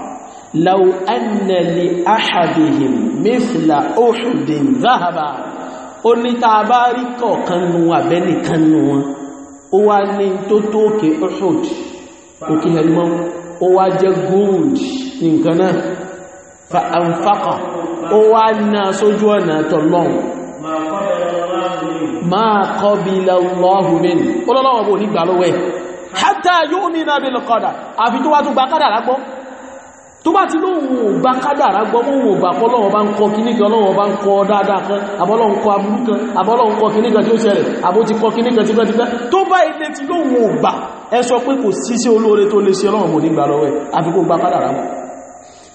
لو أن لأحدهم مثل أحد ذهبا ó ní tá a bá rí kọ̀ọ̀kan nu àbẹ́nìkan nu wọn ó wá ní tó tó òkè Uhud òkè ẹ̀lmọ́ ó wá jẹ́ gold nìkan náà fa àǹfàkà ó wá ná sójú ọ̀nà tọ̀lọ́hùn máa kọ́ bí lọ́hùnmín ó lọ́lọ́wọ́ bò ní gbà lọ́wẹ́ hátà yu'mina bil qadar àfi tó wá tún gbà kádà lágbọ́n tó bá ti lóhun ò gba kádàrá gbọ́ mọ́ òun ò gbà pọ́lọ́wọ́ bá ń kọ kíní kan lọ́wọ́ bá ń kọ dáadáa kan àbọ́lọ́wọ́ kọ aburú kan àbọ́lọ́wọ́ kọ kíní kan tí ó ṣẹlẹ̀ àbó ti kọ kíní kan tipẹ́tipẹ́ tó bá ilé ti lóhun ò gbà ẹ sọ pé kò sí sí olóore tó lè ṣe ọlọ́run mò ní gbà lọ́wọ́ ẹ̀ àfi kó gba kádàrá mọ́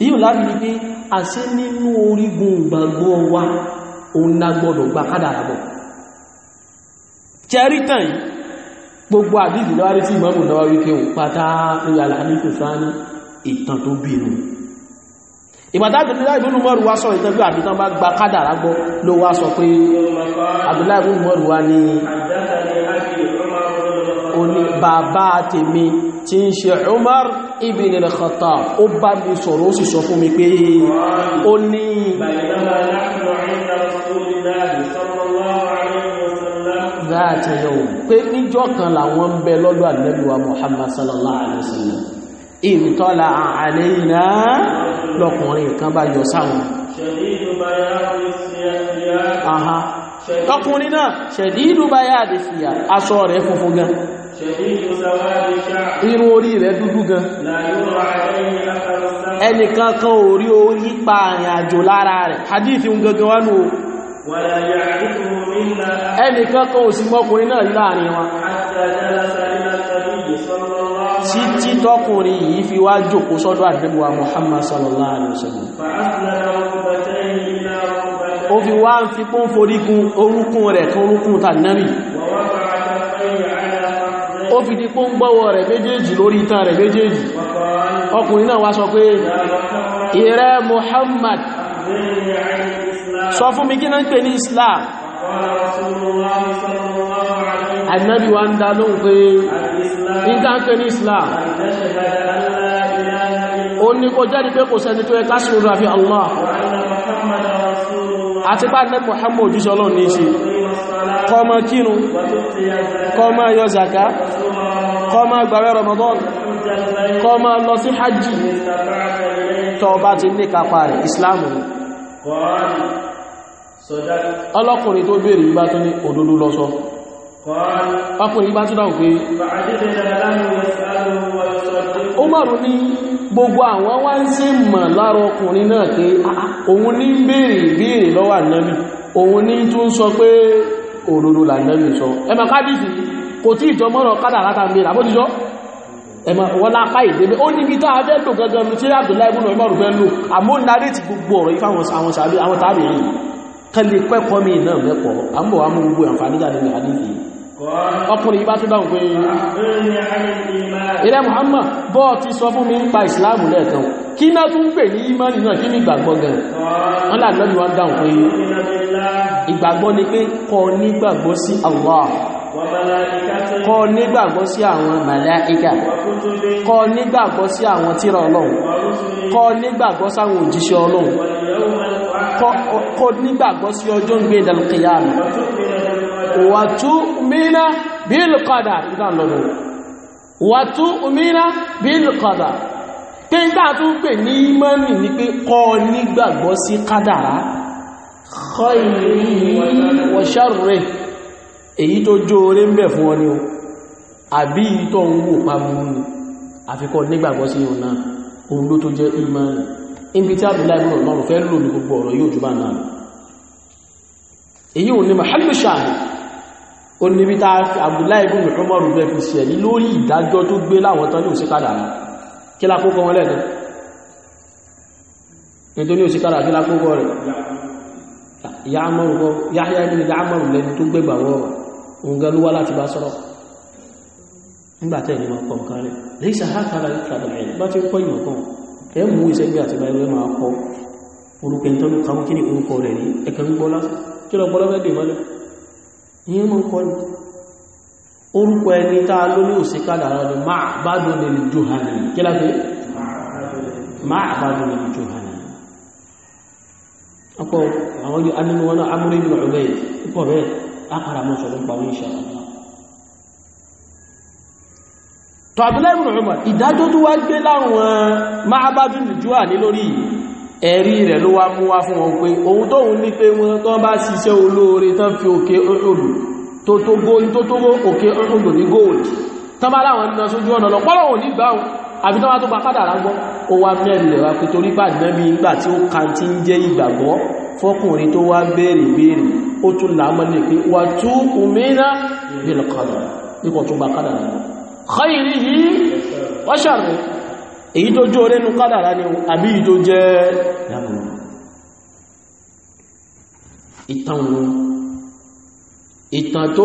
yíò láti rí pé àṣẹ nínú orígun ìgbàgbọ́ wa òun la gbọ́dọ̀ gba kádàrá mọ́ chẹ́rítàn yìí gbogbo àdìsí lọ́wọ́ rí tí ìmọ̀mù lọ́wọ́ wípé òun pátá ìyàlá ní kò sáà ní ìtàn tó bínú ìgbàtàbìláì bínú mọ́rù wá sọ ìtàn bí àbìtàn bá gba kádàrá gbọ́ ló wá sọ pé àbìláì bínú mọ́rù wá ní oní bàbá tèmi tí ń ṣe Umar ibn al-Khattab ó bá mi sọ̀rọ̀ ó sì sọ fún mi pé ó ní ذات يوم pé níjọ́ kan làwọn ń bẹ lọ́dọ̀ àdínẹ́lúwà Muhammad sallallahu alaihi wasallam ìntọ́là àlẹ́ iná lọ́kùnrin kan bá yọ sáwọn náà ṣẹ̀dídù bá yá àdì sí aṣọ rẹ̀ funfun gan irun orí rẹ̀ dúdú gan kan ò o orí àrìn àjò lára rẹ̀ hadithi ń gangan wánú kan ò sí mọ́kùnrin náà láàrin wọn títí tọkùnrin yìí fi wá jòkó sọ́dọ̀ àdúgbà Muhammad sallallahu alaihi wasallam o fi wá ń fi foríkún orúkún rẹ̀ kún orúkún tàbí ó fi di kún gbọ́wọ́ rẹ̀ méjèèjì lórí itan rẹ̀ méjèèjì ọkùnrin náà wá sọ pé ìrẹ́ Muhammad sọ fún mi ń pè ànábì wa ń dá lóhùn pé ìdáńpé ní islam ó ní kó jẹ́ pé kò sẹ́ni tó ẹ káṣùn rà fi allah àti bá nẹ́ Muhammad òjíṣẹ́ ọlọ́run ní ṣe kọmọ kínu kọmọ yọ zaka kọmọ gbàwẹ̀ ramadan kọmọ lọ sí hajji tó ti ní kápá rẹ̀ islam ọlọ́kùnrin tó béèrè ìgbà tó ní òdodo lọ sọ ọkùnrin ìgbà tó dáhùn pé ó márùn ní gbogbo àwọn wá ń sí mọ̀ lára ọkùnrin náà pé ah, òun ní béèrè ìbéèrè lọ́wọ́ ànábì òun ní tó ń sọ pé òdodo lànábì sọ ẹmà kábíyèsí kò tí ìjọmọ́rọ̀ kádà látàmbèrè àbójújọ́ ẹ̀mà wọ́n lápá ìdébẹ̀ ó níbi tó ajẹ́ tó gangan tí Abdullahi ibn Umar fẹ́ lò àmọ́ narrate gbogbo ọ̀rọ̀ ìfáwọn àwọn tàbí yìí kẹ́lẹ̀ pẹ́kọ́ mi náà mẹ́kọ̀ àmọ́ àmú gbogbo àǹfààní jáde ní àdífì ọkùnrin yìí bá tó dáhùn pé ilẹ̀ Muhammad bọ́ ti sọ fún mi ń pa ìsìláàmù lẹ́ẹ̀kan kí náà tún pè ní imani náà kí ní ìgbàgbọ́ gan wọ́n láàrín lọ́dún ni pé kò Allah kọ́ nígbàgbọ́ sí àwọn màláíkà kọ́ nígbàgbọ́ sí àwọn tírà ọlọ́run kọ́ nígbàgbọ́ sáwọn òjíṣẹ́ ọlọ́run kọ́ nígbàgbọ́ sí ọjọ́ ń gbé ìdàlùkìyàmù wàtú mìíràn bílùkọ́dà ìdánlọ́run wàtú mìíràn bílùkọ́dà pé ń tàà tún pè ní ìmánì ní pé kọ́ nígbàgbọ́ sí kádàrá kọ́ ìrìn wọ̀ṣàrẹ̀ èyí tó jó orí ń bẹ̀ fún ọ ni o àbí ìtọ́ ń wò pàbùrù ni àfikọ́ nígbàgbọ́ sí ìhùn náà òun ló tó jẹ́ ìmánì níbi tí Abdullahi ibn Umar fẹ́ lò ní gbogbo ọ̀rọ̀ yóò jùbá náà èyí ò ní mahallu shahid ó níbi tá Abdullahi ibn Umar fẹ́ fi nǹkan ló wá láti bá sọ́rọ̀ nígbàtẹ́ ìní ma kọ̀ nǹkan rẹ̀ lẹ́yìn sàhákàrà ìtàdàrẹ̀ bá ti kọ́ ìmọ̀ kan ẹ mú ìṣẹ́gbẹ́ àti bá ẹgbẹ́ máa kọ orúkẹ tó ní kàwọn kíní orúkọ rẹ̀ ní ẹkẹ ń gbọ́lá kí lọ gbọ́lá mẹ́dẹ̀ mọ́lẹ̀ ìyẹn mọ́ kọ́ ní orúkọ ẹni tá a ló ní òsì kádàrà ni máa bá dùn ní johani kí láti máa bá dùn ní johani ọkọ̀ àwọn anìmọ̀ wọn náà amúrí ní ọ̀rẹ́ bẹ́ẹ̀ àpàrà mọ́ sọ̀rọ̀ pa ní ìṣàlá tó Abdullahi ibn Umar ìdájọ́ tó wá gbé láwọn máàbájú nìjúwà ní lórí ẹ̀rí rẹ̀ ló wá mú wá fún wọn pé ohun tóhun ní pé wọn tó bá ṣiṣẹ́ olóore tán fi òkè òòlù tó tó gó tó tó gó òkè pa kádàrá gbọ́ ó wá mẹ́rin lẹ̀wà pé torí pàdánà ó tún làámọ́ ní pé wà tú umina bil qadar nípa tún bá kádà kádàrà yìí wa ṣàrẹ̀ èyí tó jó rénú kádàrà ni àbí ìjó jẹ́ ìtàn tó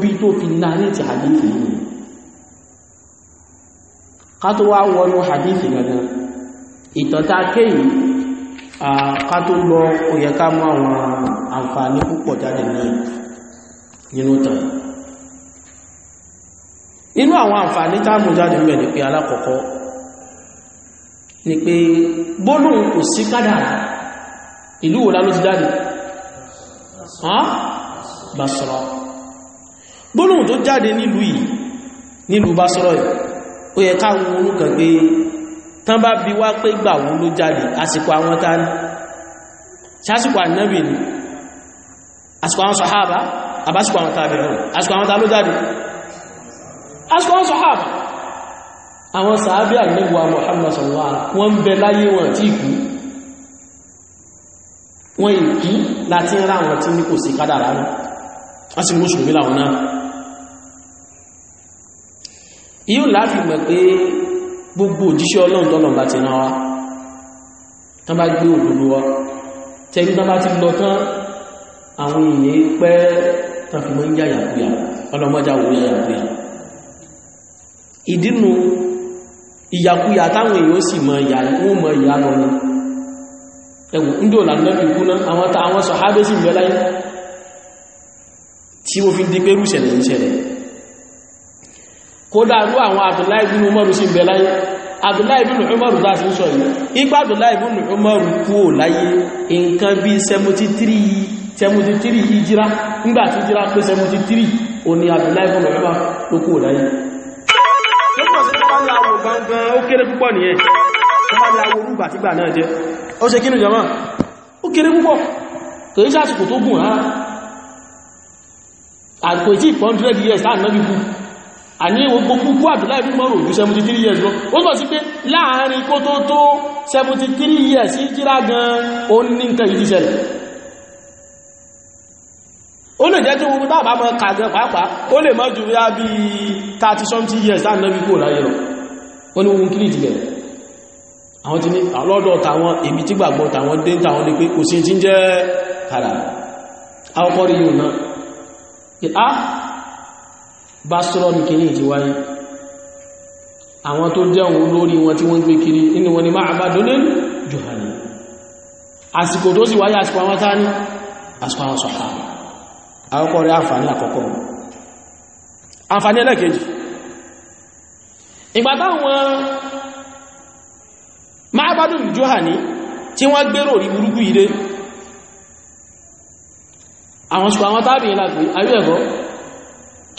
bí tó fi náà ní ti hadithi yìí ká tó wá wọnú hadith gangan ìtọ̀ta kéyìí ká tó lọ ó yẹ ká mú àwọn àǹfààní púpọ̀ jáde ní nínú tàn nínú àwọn àǹfààní táàmù jáde ń bẹ̀ ní pé alákọ̀ọ́kọ́ ni pé gbólóhùn kò sí kádàrá ìlú wòlá ló ti jáde Basra gbólóhùn tó jáde nílùú yìí nílùú Basra yìí ó yẹ káwọn orúkọ pé tán bá bi wá pé gbà wo ló jáde àsìkò àwọn ta ní sásìkò ànábì ni àsìkò àwọn sàhábà àbásìkò àwọn tàbí ẹ̀rọ àsìkò àwọn ta ló jáde àsìkò àwọn sàhábà àwọn sàábí àgbẹ̀wà Muhammad sallallahu wọ́n ń bẹ láyé wọn tí ìkú wọ́n ìkú láti ń ra àwọn tí ní kò sí kádàrá náà wọ́n sì mú ṣùgbé láwọn náà yíò láti mọ̀ pé gbogbo òjíṣẹ́ ọlọ́run tọ́lọ̀ bá ti rán wa tán bá gbé òdodo wa tẹ́rí tán bá ti lọ tán àwọn èèyàn pẹ́ tán fi mọ́ ń yàyàkúyà ọlọ́mọ́já wò yàyàkúyà ìdínú ìyàkúyà táwọn èèyàn sì mọ̀ ìyà wọ́n mọ̀ ìyà lọ ni ẹ̀wù ń dò lànà fi kú náà àwọn sọ̀hábẹ́sì ń tí ó fi di pé rúṣẹ̀lẹ̀ ń rú àwọn Abdullahi bin sí bẹ̀ láyé Abdullahi bin dá sí sọ yìí igbá Abdullahi kú ò láyé nǹkan bí 73 73 ìjírá nígbàtí ìjírá pé 73 o ni Abdullahi ló kú ò láyé ó kínú ó kéré púpọ̀ kò sásìkò tó gùn àkò 100 years láàrín náà bí àní gbogbo kúkú Abdullahi ibn Umar ju 73 years lọ ó sọ sí pé láàárín kó tó tó 73 years jíra gan ó ní nǹkan ìdí ṣẹlẹ̀ ó lè jẹ́ tó gbogbo bàbá mọ́ kàgẹ́ pàápàá ó lè mọ́ ju yá bí 30 something years láàrín lọ́bí kò láyé lọ ó ní ohun kí nìtìlẹ̀ àwọn ti ní àlọ́dọ̀ tàwọn èmi tí gbàgbọ́ tàwọn dé tàwọn lè pé kò sí ti ń jẹ́ kàrà àwọn kọ́rí yóò náà ah, Basra ní kìíní ti wáyé àwọn tó jẹ́ òun lórí wọn tí wọ́n gbé kiri inú wọn ni Ma'badun Juhani àsìkò tó sì wáyé àsìkò àwọn tání àsìkò àwọn sàhábà àkọ́kọ́ rẹ̀ àǹfààní àkọ́kọ́ àǹfààní ẹlẹ́kejì ìgbà táwọn Ma'badun Juhani tí wọ́n gbérò rí burúkú ire àwọn sùpọ̀ àwọn tábìyàn lágbé ayú ẹ̀kọ́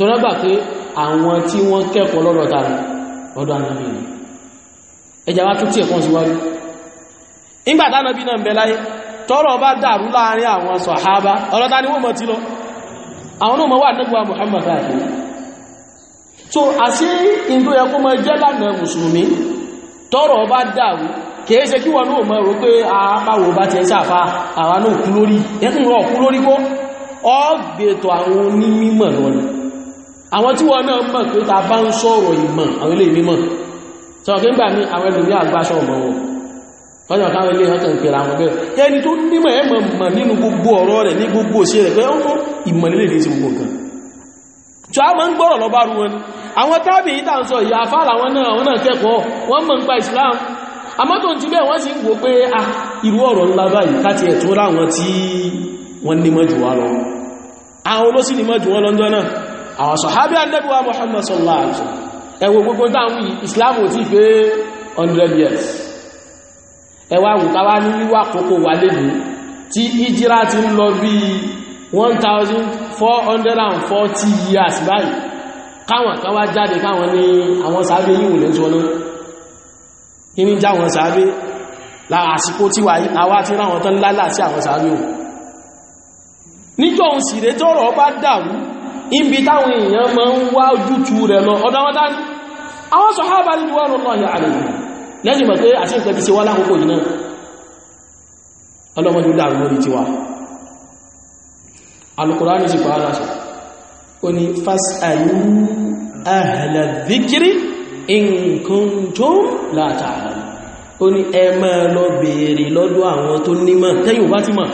tó rọ́gbà pé àwọn tí wọ́n kẹ́kọ̀ọ́ lọ́dọ̀ ta ni ọ̀dọ̀ ànábì ni ẹjà wá tún tí ẹ̀kọ́ síwájú nígbà tánàbí náà ń bẹ láyé tọ́rọ̀ bá dàrú láàrin àwọn sọ̀hábá ọlọ́ta ni wọ́n mọ̀ tí lọ àwọn náà mọ̀ wà nígbà so àṣí ìlú ẹkú mọ jẹ́ lànà mùsùlùmí tọ́rọ̀ bá dàrú kìí ṣe kí wọn náà mọ̀ rò pé àpáwò bá ti ṣàfà ọgbẹ̀tọ̀ àwọn onímọ̀ lọ́nà àwọn tí wọ́n náà mọ̀ pé ta bá ń sọ̀rọ̀ ìmọ̀ àwọn ilé mímọ̀ sọ̀rọ̀ kí ń gbà ní àwọn ẹlòmí àgbáṣọ́ ọmọ wọn tọ́jọ́ káwọn ilé ọkàn pèrè àwọn bẹ́ẹ̀ ẹni tó nímọ̀ ẹ̀mọ̀ mọ̀ nínú gbogbo ọ̀rọ̀ rẹ̀ ní gbogbo sí rẹ̀ pé ọmọ ìmọ̀ nílé ìdí sí a mọ̀ ń gbọ́rọ̀ lọ bá rú wọn àwọn tábì yìí tàn sọ ìyá afárá wọn náà wọn náà kẹ́kọ̀ọ́ wọ́n mọ̀ ń pa Islam àmọ́ tó ti bẹ́ẹ̀ wọ́n sì ń wò pé a ah, irú ọ̀rọ̀ ńlá báyìí káti ẹ̀ tó ráwọn tí wọ́n nímọ̀ jù wá lọ àwọn olóṣì wọ́n lọ́jọ́ àwọn sọ̀hábí àdẹ́bùwà Muhammad sallallahu alaihi wasallam ẹwọ gbogbo dáwọn Islam ò tí pé 100 years ẹwà wùkáwá ní wíwà kókó wà lèlú tí ìjírá ti ń lọ bí 1440 years báyìí káwọn kan wá jáde káwọn ní àwọn sàábé yíwò lè tó náà kí ní já wọn sàábé lára àsìkò tí wà tí ráwọn tán lálà sí àwọn sàábé ò níjọ́ òun sì rẹ̀ tọ́rọ̀ bá dàrú ibi táwọn èèyàn ma ń wá ojútu rẹ̀ lọ ọ̀dọ́wọ́dá àwọn sọ̀hábà ní wọ́n rọ̀ lọ́yà àlèyìn lẹ́yìn mọ̀ pé àti nǹkan ti ṣe wá lákòókò yìí náà ọlọ́mọdé dáa lórí tiwa alukùránì sì pa aláṣẹ ó ní fas'alū ahla dhikri in kuntum lā ta'lamūn ó ní ẹ máa lọ béèrè lọ́dọ̀ ti mọ̀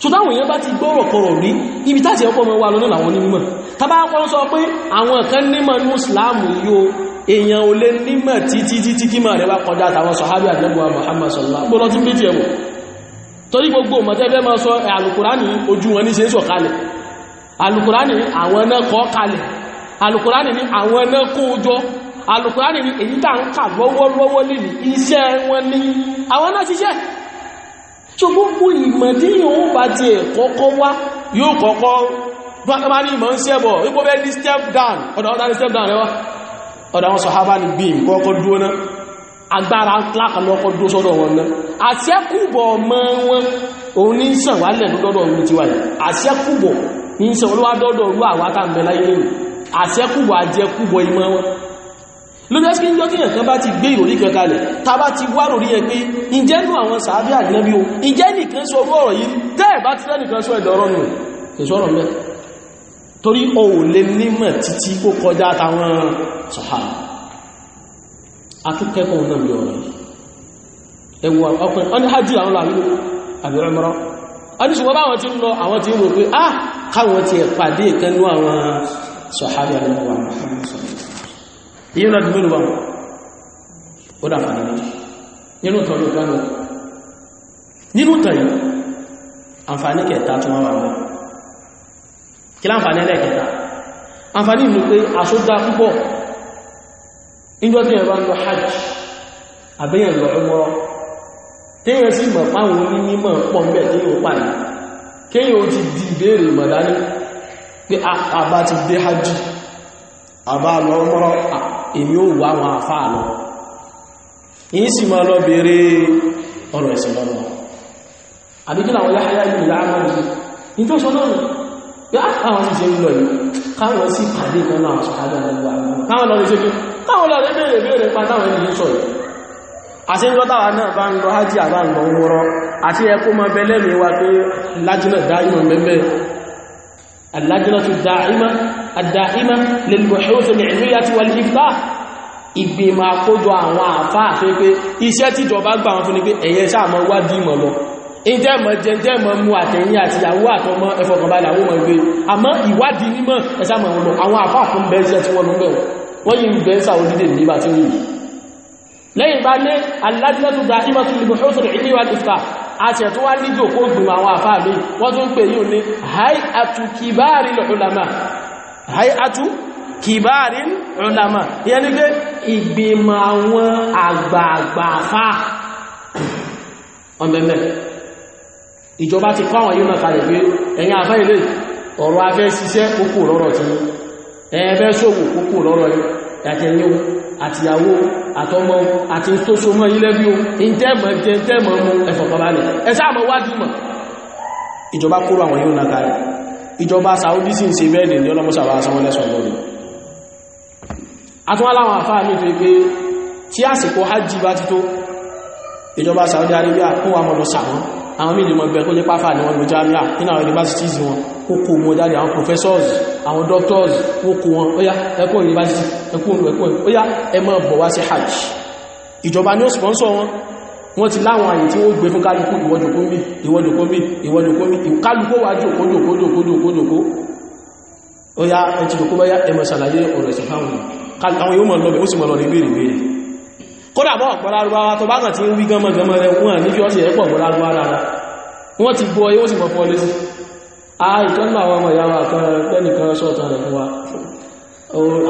so táwọn èèyàn bá ti gbọ́rọ̀ kọ̀rọ̀ rí ibi táti ọkọ̀ mọ́ wà lọ́nà àwọn onímọ̀ tàbá kọ́ sọ pé àwọn kan nímọ̀ ní Islam yóò èèyàn ò lè nímọ̀ títí títí kí máa rẹ̀ wá kọjá àtàwọn sọ̀hábí àdẹ́gbọ́ Muhammad sallallahu alaihi wasallam bí ti ẹ̀wọ̀ torí gbogbo mọ̀tẹ́fẹ́ máa sọ alukurani ojú wọn ní ṣe ń sọ kalẹ̀ alukurani àwọn náà kọ́ kalẹ̀ alukurani ní àwọn náà kó jọ alukurani ní èyí tà ń kà lọ́wọ́lọ́wọ́ tí ó gbogbo ìmọ̀ tí yóò bá ti ẹ̀ kọ́kọ́ wá yóò kọ́kọ́ bá ní ìmọ̀ ń sẹ́bọ̀ ipò bẹ́ ní step down ọ̀dọ̀ ọ̀dá ní step down rẹwà ọ̀dọ̀ àwọn sọ̀hábà ní bí ìkọ́kọ́ dúó náà agbára lákàlọ́kọ́ dúó sọ́dọ̀ wọn náà àṣẹ́kùbọ̀ mọ́ wọn òun ní sàn wálẹ̀ lọ́dọ̀ òun ti wáyé àṣẹ́kùbọ̀ ní sàn olówádọ́dọ̀ olú àwátà mẹ́láyé lẹ́nu àṣẹ́kùbọ̀ àjẹkùbọ̀ ìmọ̀ wọn lórí ẹ́sì kí ń jọ tí ẹ̀kan bá ti gbé ìròrí kan kalẹ̀ ta bá ti wá ròrí ẹ pé ìjẹ́ nù àwọn sàábí àdínábí o ìjẹ́ nìkan sọ orú ọ̀rọ̀ yìí tẹ́ẹ̀ bá ti lẹ́nìkan sọ ẹ̀dọ̀ ọ̀rọ̀ nù ìṣọ́rọ̀ mẹ́ torí o ò lè nímọ̀ títí kó kọjá àtàwọn sọ̀hárà akẹ́kẹ́kọ̀ọ́ náà bí ọ̀rọ̀ yìí ẹwọ ọkùnrin ọ́nà hajjú àwọn làwílò àbẹ̀rẹ̀ mọ́rọ́ ọ́nà ṣùgbọ́n bá wọn ti ń lọ àwọn ti ń rò pé ah káwọn ti ẹ̀ pàdé ìkẹ́nú àwọn sọ̀hárà lọ́wọ́ àwọn sọ̀hárà èyí náà dúró lọ́wọ́ ó dáfà ní méjì nínú tọ́lú kánú nínú tọ́lú àǹfààní kẹta tún wọ́n wà mọ́ kí láǹfààní ẹlẹ́kẹta àǹfààní ìlú pé àṣódá púpọ̀ níjọ́ ẹ̀rọ ń hajj àbẹ́yàn ọmọ téèyàn èmi ó wà wọn àfáà lọ yìí sì máa lọ bèèrè ọ̀rọ̀ ẹ̀sìn lọ́nà àbíkí làwọn yáyá yìí yá máa ní tó sọ ah, lọ́nà yá káwọn sì kan náà sọ kájọ àwọn káwọn lọ lè ṣe kí káwọn lọ lè bèèrè bèèrè pa táwọn ènìyàn sọ yìí àti ń lọ́tàwà náà bá ń lọ hajji àbá ń lọ wọ́rọ́ àti ẹkó ma bẹ lẹ́nu wa pé lájínà dáìmọ̀ mẹ́mẹ́ alájínà tó dáìmọ̀ àdáhímá lẹ́lùbọ̀ṣẹ́wọ́sọ̀lẹ̀ ìrìnlẹ́yà ti wà ní ìfà ìgbìmọ̀ àkójọ àwọn àfáà fẹ́ pé iṣẹ́ tíjọba gbà wọn fún ní pé ẹ̀yẹ sáàmọ́ wá dìímọ̀ lọ ìjẹ́mọ̀ jẹjẹ́mọ̀ mú àtẹ̀yìn àti ìyàwó àtọmọ ẹfọ̀kànbalẹ̀ àwọn ọmọ ìwé àmọ́ ìwádìí mímọ̀ ẹ̀sàmọ̀ ọmọ àwọn àfáà fún bẹ́ẹ̀ṣẹ́ tí wọ́n ń bẹ̀rù wọ́n yìí ń bẹ́ẹ̀ṣà òdídè nígbà tí wọ́n yìí lẹ́yìn bá ní alájẹ́tù da ìmọ̀tù ìbòṣòṣòrò ìlú wá níjò kó gbùn àwọn àfáà lè wọ́n tún pè yíò ní hai àtùkìbáàrí lọ́pùlámà hay'atu kibarin ulama ìyẹn ni pé ìgbìmọ̀ àwọn àgbààgbà fà ọmọmẹ́ ìjọba ti kọ́ àwọn yíò náà kalẹ̀ pé ẹ̀yin afẹ́ ilé ọ̀rọ̀ afẹ́ ṣiṣẹ́ kókò lọ́rọ̀ tí ẹ̀ẹ́fẹ́ ṣòwò kókò lọ́rọ̀ yàtẹ̀yìn àtìyàwó àtọmọ àti tó so mọ́ ilé bí o ìjẹ́mọ̀ jẹ́ ìjẹ́mọ̀ mú ẹ̀fọ̀kọ̀bálẹ̀ ẹ̀sáàmọ̀ wájú mọ̀ ìjọba kóró àwọn yíò náà kalẹ̀ ìjọba Saudi sí ṣe bẹ́ẹ̀ ní ọlọ́mọ́sàbá sanwọ́lẹ́sọ̀ lọ́dún àtúnwà láwọn àfáà ní pé pé tí àsìkò hajji bá ti tó ìjọba Saudi Arabia kún wa mọ́lọ sàmọ́ àwọn méjì mọ̀ bẹ́ẹ̀ kó jẹ́ pàfà ní wọn ló járíà nínú àwọn universities wọn kó kó wọn jáde àwọn professors àwọn doctors wó kó wọn ó yá ẹkùn university ẹkùn ẹkùn ó yá ẹ máa bọ̀ wá sí hajj ìjọba ni ó sponsor wọ́n ti láwọn àyè tí wọ́n gbé fún kálukú ìwọ́jòkómí ìwọ́jòkómí ìwọ́jòkómí kálukú wá jòkójòkójòkójòkó ó yá ẹ̀tì jòkó bá yá ẹmọ̀ ṣàlàyé ọ̀rọ̀ ẹ̀sìn fáwọn àwọn yóò mọ̀ lọ́bẹ̀ ó sì mọ̀ lọ́rẹ̀ ìbéèrè ìbéèrè kódà bọ́ ọ̀pọ̀lárúwá tó bá kàn tí ń wí gánmọ̀ gánmọ̀ rẹ̀ wọ́n ní kí ó sì ẹ̀pọ̀ ọ̀pọ̀lárúwá rárá wọ́n ti gbọ́ yóò sì mọ̀ fọ́ lésì a ìkan náà wọn ìyá wa kan lẹ́nìkan sọ́ọ̀tàn rẹ̀ fún wa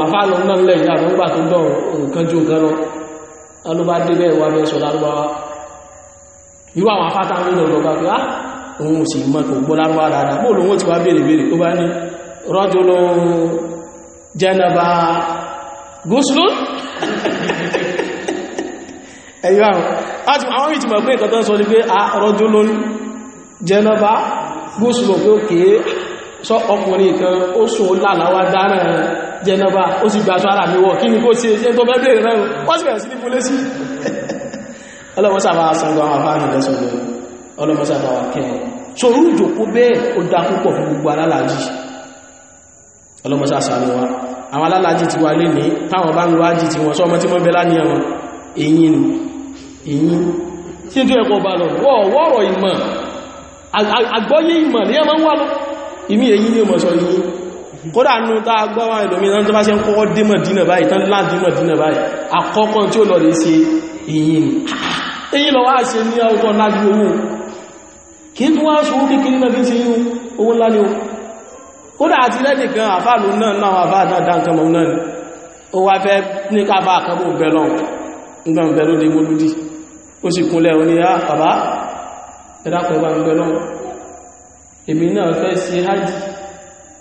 àfáàlọ́ náà lẹ́yìn àgbọ́gbà tó dọ̀ nǹkan jù nǹkan lọ alóbá débẹ̀ wà mẹ́sọ̀ lárúbáwá irú àwọn afáta ń lọ lọ gbàgbà òun sì mọ́ kò gbọ́ lárúwá dáadáa bóò lòun ti wá bèèrè bèèrè tó bá ní rajulun janaba ghuslun ẹ̀yọ́ àwọn àti àwọn ìtìmọ̀ pé ìkọ̀tọ́ sọ ní pé ah, rajulun janaba ghuslun pé òkè sọ ọkùnrin kan ó sọ lálàwà dáná janaba ó sì gbà sọ ara ni kó ṣe ṣe ọlọ́wọ́ sábà sango àwọn afáàmì lẹ́sọ̀dọ̀ ọlọ́wọ́ sábà wà kẹwọn sorú ìjòkó bẹ́ẹ̀ ó dá púpọ̀ fún gbogbo alálàájì ọlọ́wọ́ sábà wa àwọn alálàájì ti wà lé ní táwọn bá ń lo tí wọ́n sọ tí wọ́n ní ẹ̀wọ̀n èyí ni èyí tí tó ẹ̀kọ́ bá lọ wọ́ọ̀rọ̀ ìmọ̀ àgbọ́yé ìmọ̀ ní ẹmọ ń wá lọ ìmí èyí ni mọ̀ sọ yìí kódà nù tá agbọ́wà ìlòmínà tó bá ṣe ń kọ́kọ́ dímọ̀ dínà báyìí tán láàdínà dínà báyìí àkọ́kọ́ tí ó lọ lè ṣe èyí ni èyí lọ wá ṣe ní ọgbọ̀n lájú owó kí n tún wá ṣòwò kékeré náà fi ṣe yíò owó ńlá ni ó kódà àti lẹ́nìkan àfáàlù náà náà àfáà náà dáǹkan náà ni ó wá fẹ́ ní káfà àkàbò bẹ̀lọ́n nǹkan bẹ̀lọ́ lè wó lúdí ó sì kúnlẹ̀ ó ní á ah, bàbá ẹ̀dàpọ̀ bá ń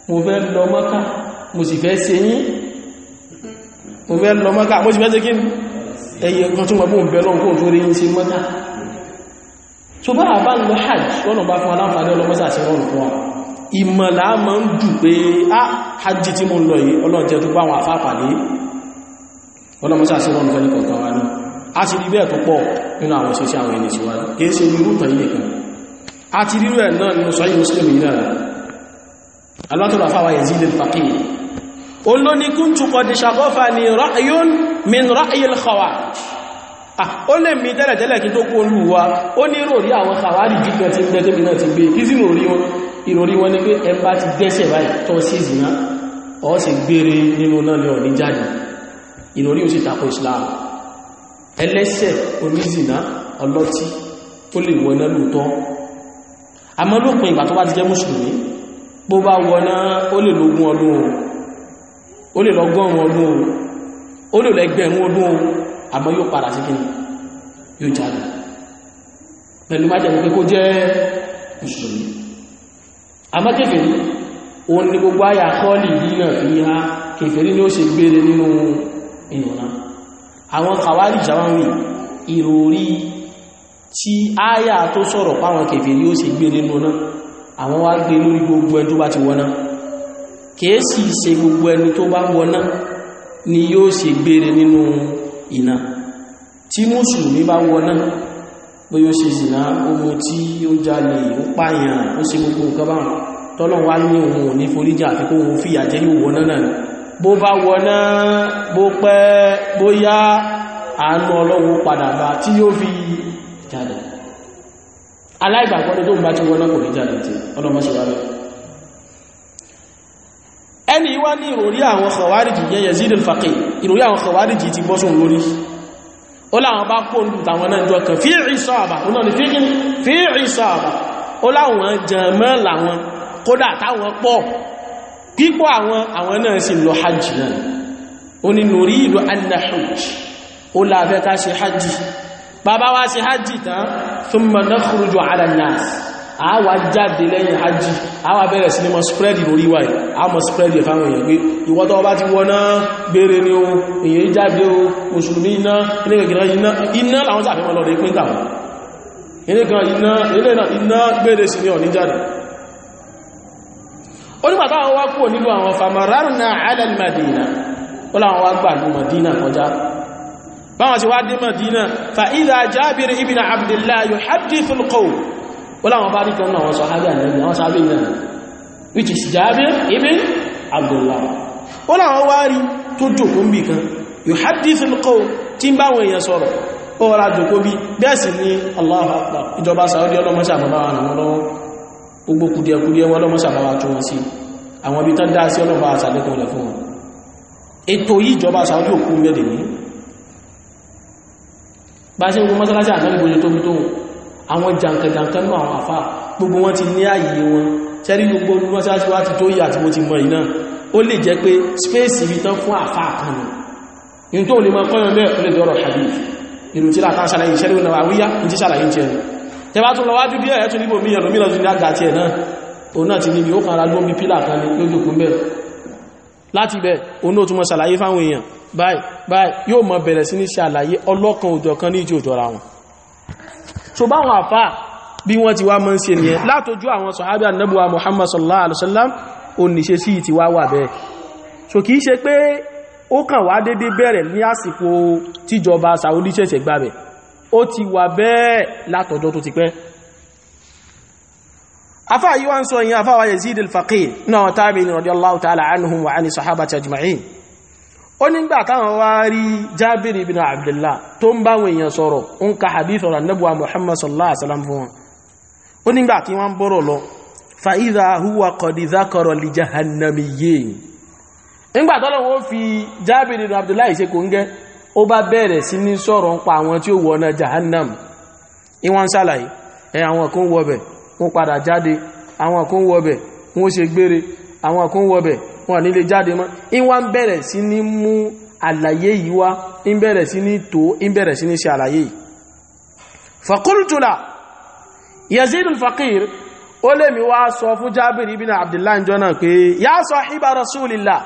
mo fẹ́ lọ mọ́ká mo sì fẹ́ ṣe kí ẹyẹ kan tó mọ̀bọ̀ bẹ̀lọ́n kó tó rí ní sí mọ́ta tó bá àbá ń lọ hajj wọ́n bá fún aláǹfààní ọlọ́mọ́sà sí rọrùn fún wa ìmọ̀lá ma ń dù pé á hajj tí mo lọ yìí ọlọ́jẹ́ tó bá wọn àfáàpàdé ọlọ́mọ́sà sí rọrùn fẹ́ nìkọ̀ọ̀kan wa ní a ti rí òun ló ní kúntù kọ̀dì ṣàkọ́fà ní ra'yun min ra'yil khawarij ah, ó lè mi tẹ́lẹ̀tẹ́lẹ̀ kí tó kó olúwa ó ní ìròrí àwọn khawarij jùlọ ti gbẹ́ tóbi náà ti gbé kí sí ìròrí wọn ní pé ẹmbá ti dẹ́sẹ̀ báyìí tó sí ìzìnà ó sì gbére nínú náà lọ ní jáde ìròrí ò sì ó lè lọ́gọ́rùn ọdún o ó lè lẹ́gbẹ̀rún ọdún o àmọ́ yóò padà sí kíni yóò jáde pẹ̀lú má jẹ́ pé kó jẹ́ mùsùlùmí àmọ́ kèfèrí òun ni gbogbo àyà kọ́ọ̀lì yìí náà fi ha kèfèrí ni ó ṣe gbére nínú ìrùnà àwọn kàwárì jáwáwì ìròrí tí àyà tó sọ̀rọ̀ páwọn kèfèrí ó ṣe gbére nínú náà àwọn wá gbé lórí gbogbo ẹjọ́ bá ti wọ́n náà kèésì ṣe gbogbo ẹni tó bá wọná ni yóò ṣe gbére nínú iná tí mùsùlùmí bá wọná pé yóò ṣe zìnà ohun tí ó jalè ó pààyàn ó ṣe gbogbo nǹkan bá tọ́lọ̀ wá ní ohun òní foríjà àti kó ohun fìyà ní wọná náà bó bá wọná bó pẹ́ bóyá àánú ọlọ́wọ́ padà bá tí yóò fi jáde aláìgbàgbọ́n tó ń bá ti wọná kò ní jáde tí ọlọ́mọ́sọ̀rọ̀ ẹni wá ní ìròrí àwọn kọwàríjì yẹn Yazid al-Faqih ìròrí àwọn kọwàríjì ti bọ́sùn lórí ó láwọn bá kó ń lùtà wọn náà jọ kan fi ìsọ́ọ̀bà náà ni fi ìsọ́ọ̀bà ó láwọn jẹmọ́ làwọn kódà táwọn pọ̀ pípọ̀ àwọn àwọn náà sì lọ hajj náà ó ní lórí ìlú annahujj ó láfẹ́ a wá jáde lẹ́yìn hajji a wá bẹ̀rẹ̀ sí ní mọ́ spread lórí wà a mọ́ spread ẹ̀ fáwọn èèyàn pé ìwọ tó bá ti wọ́ná gbére ni o èyàn jáde o mùsùlùmí iná ilẹ́gbẹ̀gbẹ̀ iná tàbí mọ́ lọ́rọ̀ ìpín wọn báwọn ti wá dé Madina fa idha Jabir ibn Abdillah yuhaddithu al-qawm ó bá dìkan náà wọ́n sọ hábí ànẹ́bí àwọn sábí náà which is Jabir ibn Abdullah ó láwọn wá rí tó jòkó ń bì kan yuhaddithul qawm tí ń bá wọn èèyàn sọ̀rọ̀ ó rà jòkó bí bẹ́ẹ̀ sì ni Allahu Akbar ìjọba Saudi ọlọ́mọṣà bàbá wà nìwọ́n lọ́wọ́ gbogbo kùdíẹ̀kùdíẹ̀ wọn lọ́mọṣà bàbá tó wọn sí àwọn ibi tán dá sí ọlọ́mọ àṣàlékún àwọn jankanjankan náà àwọn àfá gbogbo wọn ti ní ààyè wọn tẹ́rí gbogbo olúwọ́sáṣí wá ti tó yà tí mo ti mọ̀ iná ó lè jẹ́ pé space ibi tán fún àfá kan nù in tó lè mọ́ kọ́yọ̀ mẹ́rin lè dọ́rọ̀ hadith ìrù tí láta ṣàlàyé ìṣẹ́rí ọ̀nà àwíyá ní ti ṣàlàyé jẹ́ tẹbá tún lọ wájú bí ẹ̀ẹ́ tún níbò míyàn lómìnà tún ní àgbà tí ẹ̀ náà òun náà ti níbi ó kàrà lómi pílà kan ní lójòkún bẹ́ẹ̀ láti bẹ́ẹ̀ òun náà tún fáwọn èèyàn báyìí yóò mọ bẹ̀rẹ̀ sí ní ṣàlàyé ọlọ́kan òjọ̀kan ní ìjì òjọ̀ra wọn so báwọn àfá bí wọ́n ti wá mọ́ sí ẹniyẹ látojú àwọn sọ̀hábí annabuwa muhammad sallallahu alaihi wasallam ó níṣe sí ti wá wà bẹ́ẹ̀ so kìí ṣe pé ó kàn wá dédé bẹ̀rẹ̀ ní àsìkò tíjọba saudi ṣẹ̀ṣẹ̀ gbàbẹ̀ ó ti wà bẹ́ẹ̀ látọjọ́ tó ti pẹ́ afá ń sọ yìí afá wa yazid náà tábìlì radiyallahu ta'ala anhum wa ani sahabati ajma'in ó nígbà táwọn wá rí jábìrì ibn abdullah tó ń báwọn èèyàn sọ̀rọ̀ ń ka hadith ọ̀rọ̀ annabuwa muhammad sallallahu alaihi wasallam fún wọn ó nígbà tí wọ́n bọ́rọ̀ lọ fa idha huwa qad dhakara li jahannamiyyin nígbà tọ́lọ̀ wọ́n fi jábìrì ibn abdullah ṣe kò ń gẹ́ ó bá bẹ̀rẹ̀ sí ní sọ̀rọ̀ ń pa àwọn tí ó wọ ọ̀nà jahannam ìwọ̀n ṣàlàyé ẹ àwọn kan wọbẹ̀ wọ́n padà jáde àwọn kan wọbẹ̀ wọ́n ṣe gbére àwọn kan wọbẹ̀ wọn nílé jáde mọ́ in wá ń bẹ̀rẹ̀ sí ní mú àlàyé yìí wá in bẹ̀rẹ̀ sí ní tó in bẹ̀rẹ̀ sí ní ṣe àlàyé yìí fàkúrùtùlà yazid al-faqir ó lè mi wá sọ fún jábìrì ibn abdullahi jọna pé ya sahiba rasulillah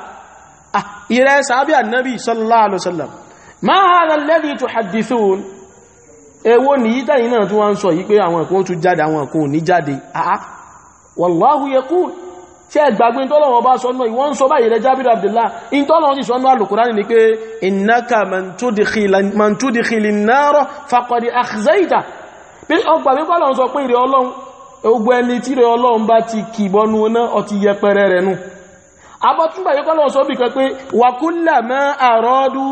ah ìrẹ́ sàábí annabi sallallahu alaihi wasallam ṣe ẹgbàgbé tọ́lọ̀wọ̀n bá sọ́nà ìwọ́n sọ báyìí rẹ̀ jábìrì Abdullah in tọ́lọ̀wọ̀n sì sọ́nà al-Qur'ani ni pé innaka man tudkhilin nara faqad akhzayta pé ọgbà mí pọ́lọ̀wọ̀n sọ pé ìrẹ̀ Ọlọ́run ogun ẹni tí rẹ̀ Ọlọ́run bá ti kìbọnú náà ọti yẹpẹrẹ rẹ̀ nù abọ́túnbà yẹ́ kọ́lọ̀ sọ́bì kan pé wàkúlàmá àrọ́dú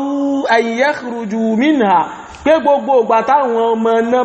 ayyakhruju minha pé gbogbo ìgbà táwọn ọmọ náà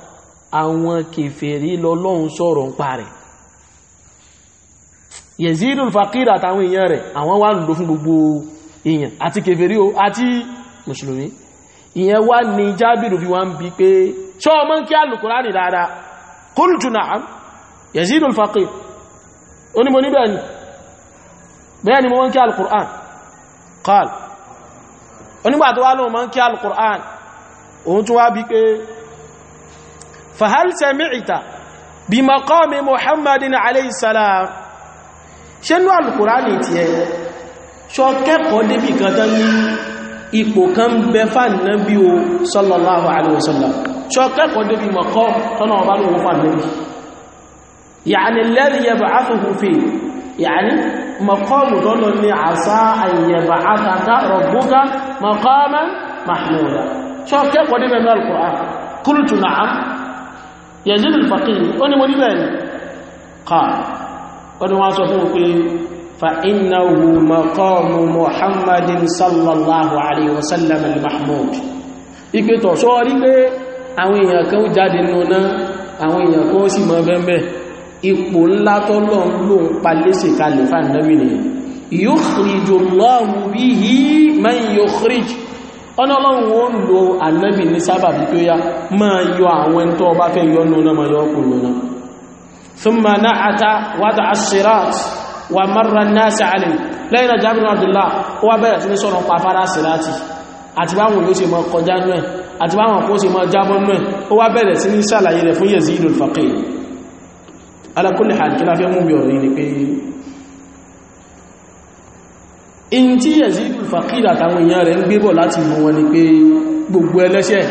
àwọn kèfèrí lọ́lọ́run sọ̀rọ̀ ń pa rẹ̀ yẹ̀zídùn fàkír àtàwọn èèyàn rẹ̀ àwọn wà lò fún gbogbo èèyàn àti kèfèrí o àti mùsùlùmí ìyẹn wá ní jábìrù bí wọ́n bí pé ṣọ́ ọmọ kí alùkùránì dáadáa qultu na'am yẹ̀zídùn fàkír ó ní mo ni bẹ́ẹ̀ ni mo mọ́ kí alùkùrán qal onígbà tó wá lóun mọ́ kí alùkùrán òun tún wá bí pé fahal sami'ta bi maqami muhammadin alayhi salam ṣe ní alkùránì ti ẹ̀ ṣọ kẹ́kọ̀ọ́ débì kan tán ní ipò kan bẹ fàánà bí o sallallahu alaihi wasallam ṣọ kẹ́kọ̀ọ́ débì mọ̀kọ́ tọ́nà ọba lóòrùn fàánà bí yàní alladhi yab'athuhu fi yàní maqamu tọ́nà ní àṣà an yab'athaka rabbuka maqaman mahmuda ṣọ kẹ́kọ̀ọ́ débì mọ̀kọ́ yazid al-faqir ó ní mo ní bẹ́ẹ̀ ni qala ó ní wọ́n sọ fún pé fa innahu maqamu muhammadin sallallahu alayhi wa sallam al-mahmud ipe tọ̀ sọ rí pé àwọn èèyàn kan jáde nínú àwọn èèyàn kan sì mọ́ bẹ́ẹ̀ ọ̀nà ọlọ́run ó ń lo ànábì ní sábàbí tó yá máa yọ àwọn tó ọba fẹ́ yọ lónà ma yọ kù lónà thumma na'ata wata asirat wa marra nasi alim lẹ́yìn Jabir Abdullah ó wá bẹ̀rẹ̀ tí ní sọ̀rọ̀ pàfàrà sirati àti báwọn yóò ṣe mọ́ kọjá náà àti báwọn kó ṣe mọ́ jábọ́ ó wá bẹ̀rẹ̀ sí ní sàlàyé in tí yẹ̀zídù fàkídà àtàwọn èèyàn rẹ̀ ń gbébọ̀ láti mú wọn ni pé gbogbo ẹlẹ́ṣẹ̀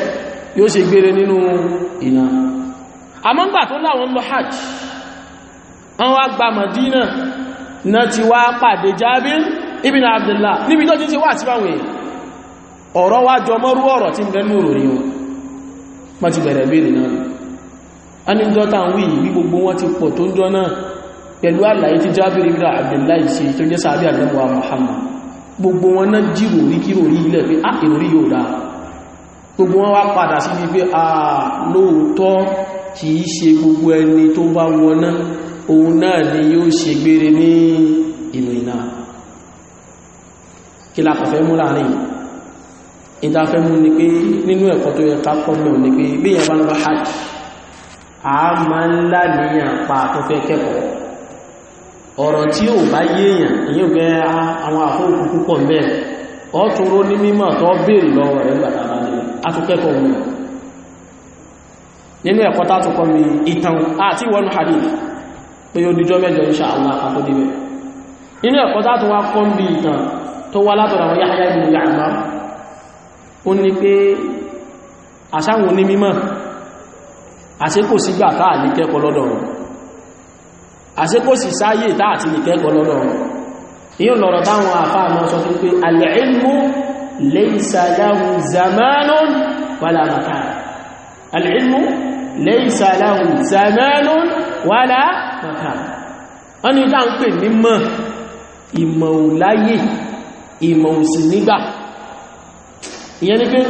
yóò ṣe gbére nínú iná àmọ́gbà tó láwọn lọ hajj wọ́n wá gba Madina na ti wá pàdé Jábir ibn Abdullah níbi tó ti ti wà síwáwẹ̀ ọ̀rọ̀ wá jọ mọ́rú ọ̀rọ̀ tí ń bẹ ní òròrí wọn ma ti bẹ̀rẹ̀ bèèrè náà a ní jọta ń wí ìbí gbogbo wọn ti pọ̀ tó ń jọ pẹ̀lú àlàyé tí Jábìrì ibn Abdullahi ṣe tó jẹ́ sàábí àdẹ́wà Muhammad gbogbo wọn náà jírò rí kírò rí ilẹ̀ pé á ah, ìròrí yóò dáa gbogbo wọn wá padà sí ní pé à ah, lóòótọ́ kìí ṣe gbogbo ẹni tó bá wọná òun náà ni yóò ṣe gbére ní ìlú iná ọ̀rọ̀ tí ò bá yéèyàn èyí gbẹ́ ah, àwọn àfóòkú púpọ̀ mẹ́ ọ̀túnrò ní mímọ̀ tó bèèrè lọ́wọ́ rẹ̀ gbàtàbà ní atúkẹ́kọ̀ọ́ ẹ̀kọ́ ìtàn àṣáwọn onímímọ̀ sígbà ní kẹ́kọ̀ọ́ lọ́dọ̀ àṣepọ̀ sì sáyé ìta àti ìkẹ́kọ̀ọ́ lọ́dọ̀ wọn yíò lọ́rọ̀ táwọn àfáà mọ́ sọ fún pé al-ilmu laysa lahu zamanun wala makan al-ilmu laysa lahu zamanun wala makan wọ́n ni táà ń ìmọ̀ ò ìmọ̀ ò nígbà ìyẹn ni pé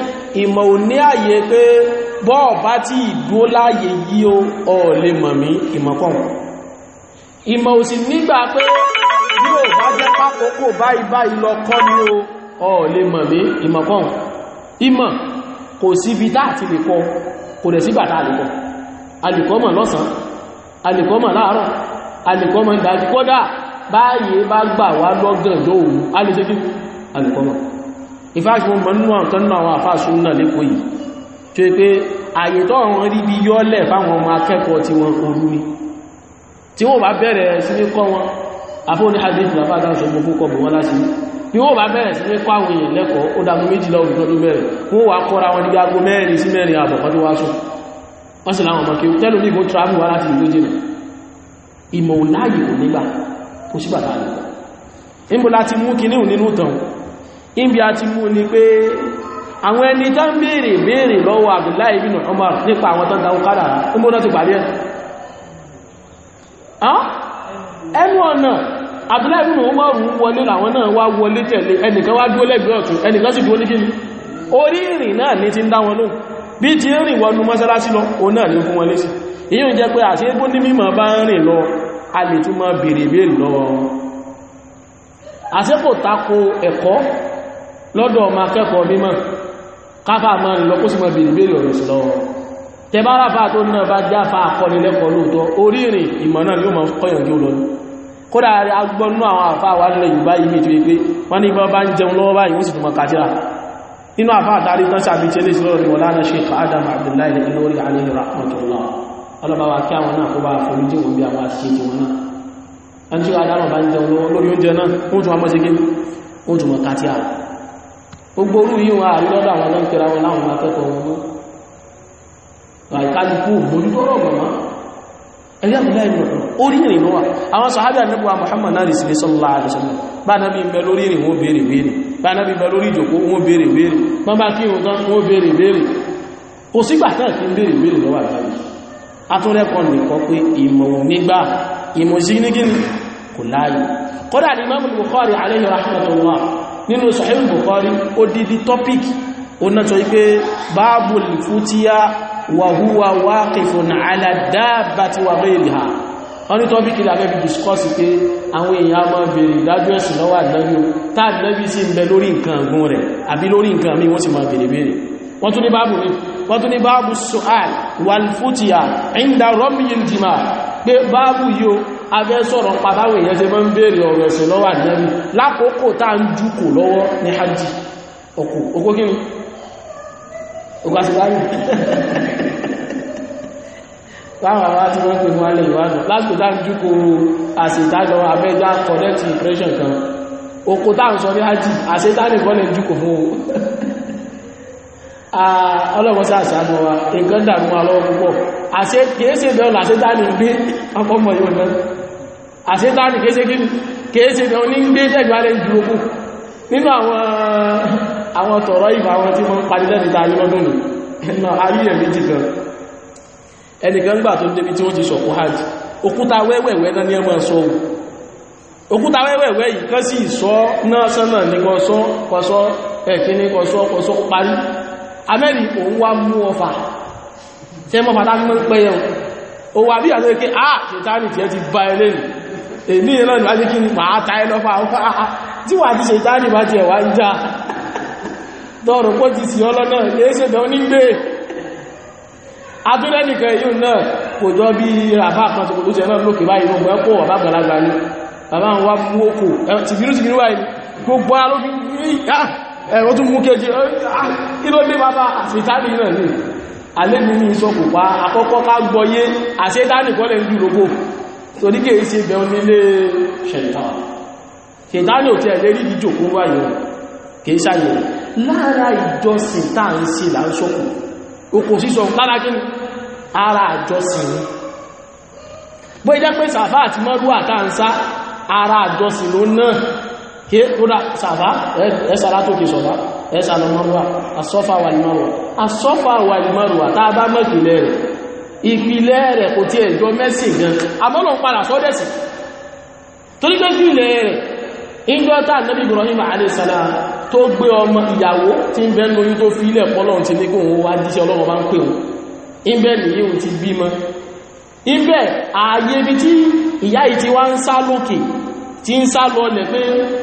ìmọ̀ ò ní àyè pé bọ́ọ̀ bá tí ìdúó láyé yí ó ọ̀ lè mọ̀ mí ìmọ̀kọ̀ọ̀kọ̀ ìmọ̀ òsì nígbà pé yóò bá jẹ́ pápókò báyìí báyìí lọ kọ́ ní o ọ̀ lè mọ̀ mí ìmọ̀ kan ìmọ̀ kò sí ibi tá àti lè kọ kò dẹ̀ sí bàtà àlùkọ́ àlùkọ́ mọ̀ lọ́sàn àlùkọ́ mọ̀ láàárọ̀ àlùkọ́ mọ̀ dájú kódà báyìí bá gbà wá lọ́gànjọ́ òru alùsẹ́kí àlùkọ́ tí wọ́n bá bẹ̀rẹ̀ sí ní kọ́ wọn afọ́ ní hadith bàbá dáṣọ gbogbo kọ̀ bù wọn láti bí wọ́n bá bẹ̀rẹ̀ sí ní kọ́ àwọn èèyàn lẹ́kọ̀ọ́ ó dágún méjìlá òfin tó bẹ̀rẹ̀ wọ́n wà kọ́ra wọn níbi aago mẹ́rin sí mẹ́rin àbọ̀ kan tó wá sùn wọ́n sì láwọn ọmọ kí tẹ́lú ní ìbò travel wá láti ìlú jìnà ìmọ̀ ò láàyè kò nígbà kò sí bàtà rẹ̀ níbo láti mú kí níhùn nínú tàn níbi a ti mú àwọn ẹni tán béèrè béèrè lọ́wọ́ Abdullahi ibn Umar nípa àwọn tán dáwọ́ kádàrá níbo ti pàdé ẹ̀ ẹnu ọ̀nà abdullahi ibn na wọlé làwọn náà wá wọlé tẹ̀lé ẹnìkan wá dúó lẹ́gbẹ̀ẹ́ ọ̀tún ẹnìkan sì dúó ní kíni orí ìrìn náà ní ti ń dá wọn lóhùn bí ti rìn wọnú mọ́sálásí lọ òun náà ní fún jẹ́ pé tẹbára fà tó náà bá já fà àkọni lẹ́kọ̀ọ́ lóòtọ́ orí ìrìn ìmọ̀ náà yóò máa kọ́yàn jí ó lọ ní kódà agbọ́nú àwọn àfà wà nílẹ̀ Yorùbá yìí méjì wípé wọ́n ní bọ́ bá ń jẹun lọ́wọ́ báyìí wọ́n sì tún mọ̀ kàtírà nínú àfà àtàrí tán sàbí tẹ́lẹ̀ sí lọ́rọ̀ wọlá náà Sheikh Adam Abdullahi Al-Ilori alayhi rahmatullah ọlọ́bàwà kí àwọn náà kó bá forí àìkálukú mojútọ́rọ̀ mọ̀má ẹ̀yàmùlá ìlú orí ìrìn lọ́wà àwọn sàhábà nípa Muhammad náà sallallahu alaihi wasallam bá náà bí bẹ lórí ìrìn wọ́n bèèrè bèèrè bá náà bí bẹ lórí ìjòkó wọ́n bèèrè bèèrè wọ́n bá kí wọ́n wọ́n bèèrè bèèrè kò sígbà náà kí ń bèèrè bèèrè lọ́wà báyìí atúnrẹ́kọ́ nìkọ́ pé ìmọ̀ nígbà ìmọ̀ sí nígínì kò láàyè kọ́dà ní Imam Bukhari alayhi rahmatullah nínú Sahih Bukhari ó dídí tọ́píkì ó náà sọ wípé báàbù fútíyà wàhúwa wákìfún aládàbàtí wà bẹ́ẹ̀lì ha wọ́n ní tọ́bí kìlá fẹ́ bí discourse pé àwọn èèyàn a máa bèèrè ìdájú ẹ̀sùn lọ́wọ́ àdájú táà lẹ́bí sí ń bẹ lórí nǹkan ọgbọ́n rẹ̀ àbí lórí nǹkan mí wọ́n sì máa bèèrè bèèrè wọ́n tún ní báàbù mi wọ́n tún rọ́mìyàn ògbà ti wáyé láwọn àwọn tí wọ́n pè fún alẹ́ ìwádùn lásìkò tá ń dúkò àṣìtájọ abẹ́já connect impression kan oko tá ń sọ ní ájì àṣítánì bọ́lẹ̀ dúkò fún ọlọ́wọ́sá àṣánú wa nǹkan dàmú alọ́wọ́ púpọ̀ àṣíkéèsè bẹ́ọ̀ làṣítánì gbé ọpọ́mọ̀ yóò náà àṣítánì kéèsè àwọn tọ̀rọ ìbà àwọn tí wọ́n parí lẹ́ni tààrí lọ́dún nù ẹ̀nà àríyẹ̀ méjì kan ẹnìkan gbà tó débi tí wọ́n ti sọ̀kú hajj òkúta wẹ́wẹ̀wẹ́ náà ní ẹmọ sọ òkúta wẹ́wẹ̀wẹ́ yìí kan sì sọ náà sọ́nà ní kọsọ́ kọsọ́ ẹ̀kíní kọsọ́ kọsọ́ parí amẹ́rin o wà bí àtẹ́ kí á ṣètánì tí ẹ ti bá ẹ lẹ́yìn èmi ìrànlọ́ àti kí ni màá bá ti ẹ̀wà ń já tọrọ pọ́ ti sí ọlọ́nà léṣẹ̀dọ́ nígbé atúrẹ́nìkan yíò náà kò jọ bí ràfà kan tó kò tó ṣe náà lókè báyìí gbogbo ẹ̀kọ́ ọ̀bá gbàlagbà ní bàbá ń wá mú òkò tìbírú tìbírú wáyìí gbogbo alófin ah, ẹ̀rọ tún mú kéjì ìlọ́dé ah, bàbá àfitánì náà ní alẹ́nu ní ìṣọ́kù pa àkọ́kọ́ ká gbọ́yé àṣẹ́dánì kọ́lẹ̀ ń dúrógbò tó ní kèé sí ibẹ̀ sáyẹ̀ lára ìjọsìn táà ń ṣe là ń sọ́kù okùn sísọ lára kí ni ara àjọsìn ni bó ìjẹ́ pé sàfá àti mọ́rúwà táà ń sá ara àjọsìn ló náà kí ó dá sàfá ẹ́sàrá tó kì sọ̀fá ẹ́sà lọ mọ́rúwà asọ́fà wà ní mọ́rúwà asọ́fà wà ní mọ́rúwà táà bá mọ́kìlẹ̀ rẹ̀ ìpìlẹ̀ rẹ̀ kò tí ẹ̀jọ́ mẹ́sìn gan torí pé ìpìlẹ̀ rẹ̀ ìjọ́ta nàbí Ibrahim alayhi tó gbé ọmọ ìyàwó tí ń bẹ ń lóyún tó fi ilẹ̀ pọ́lọ́run ti ní kó òun wá jíṣẹ́ ọlọ́run bá ń pè òun ibẹ̀ nìyí òun ti bímọ ibẹ̀ ààyè ibi tí ìyá yìí ti wá ń sá lókè tí ń sá lọ lẹ̀ pé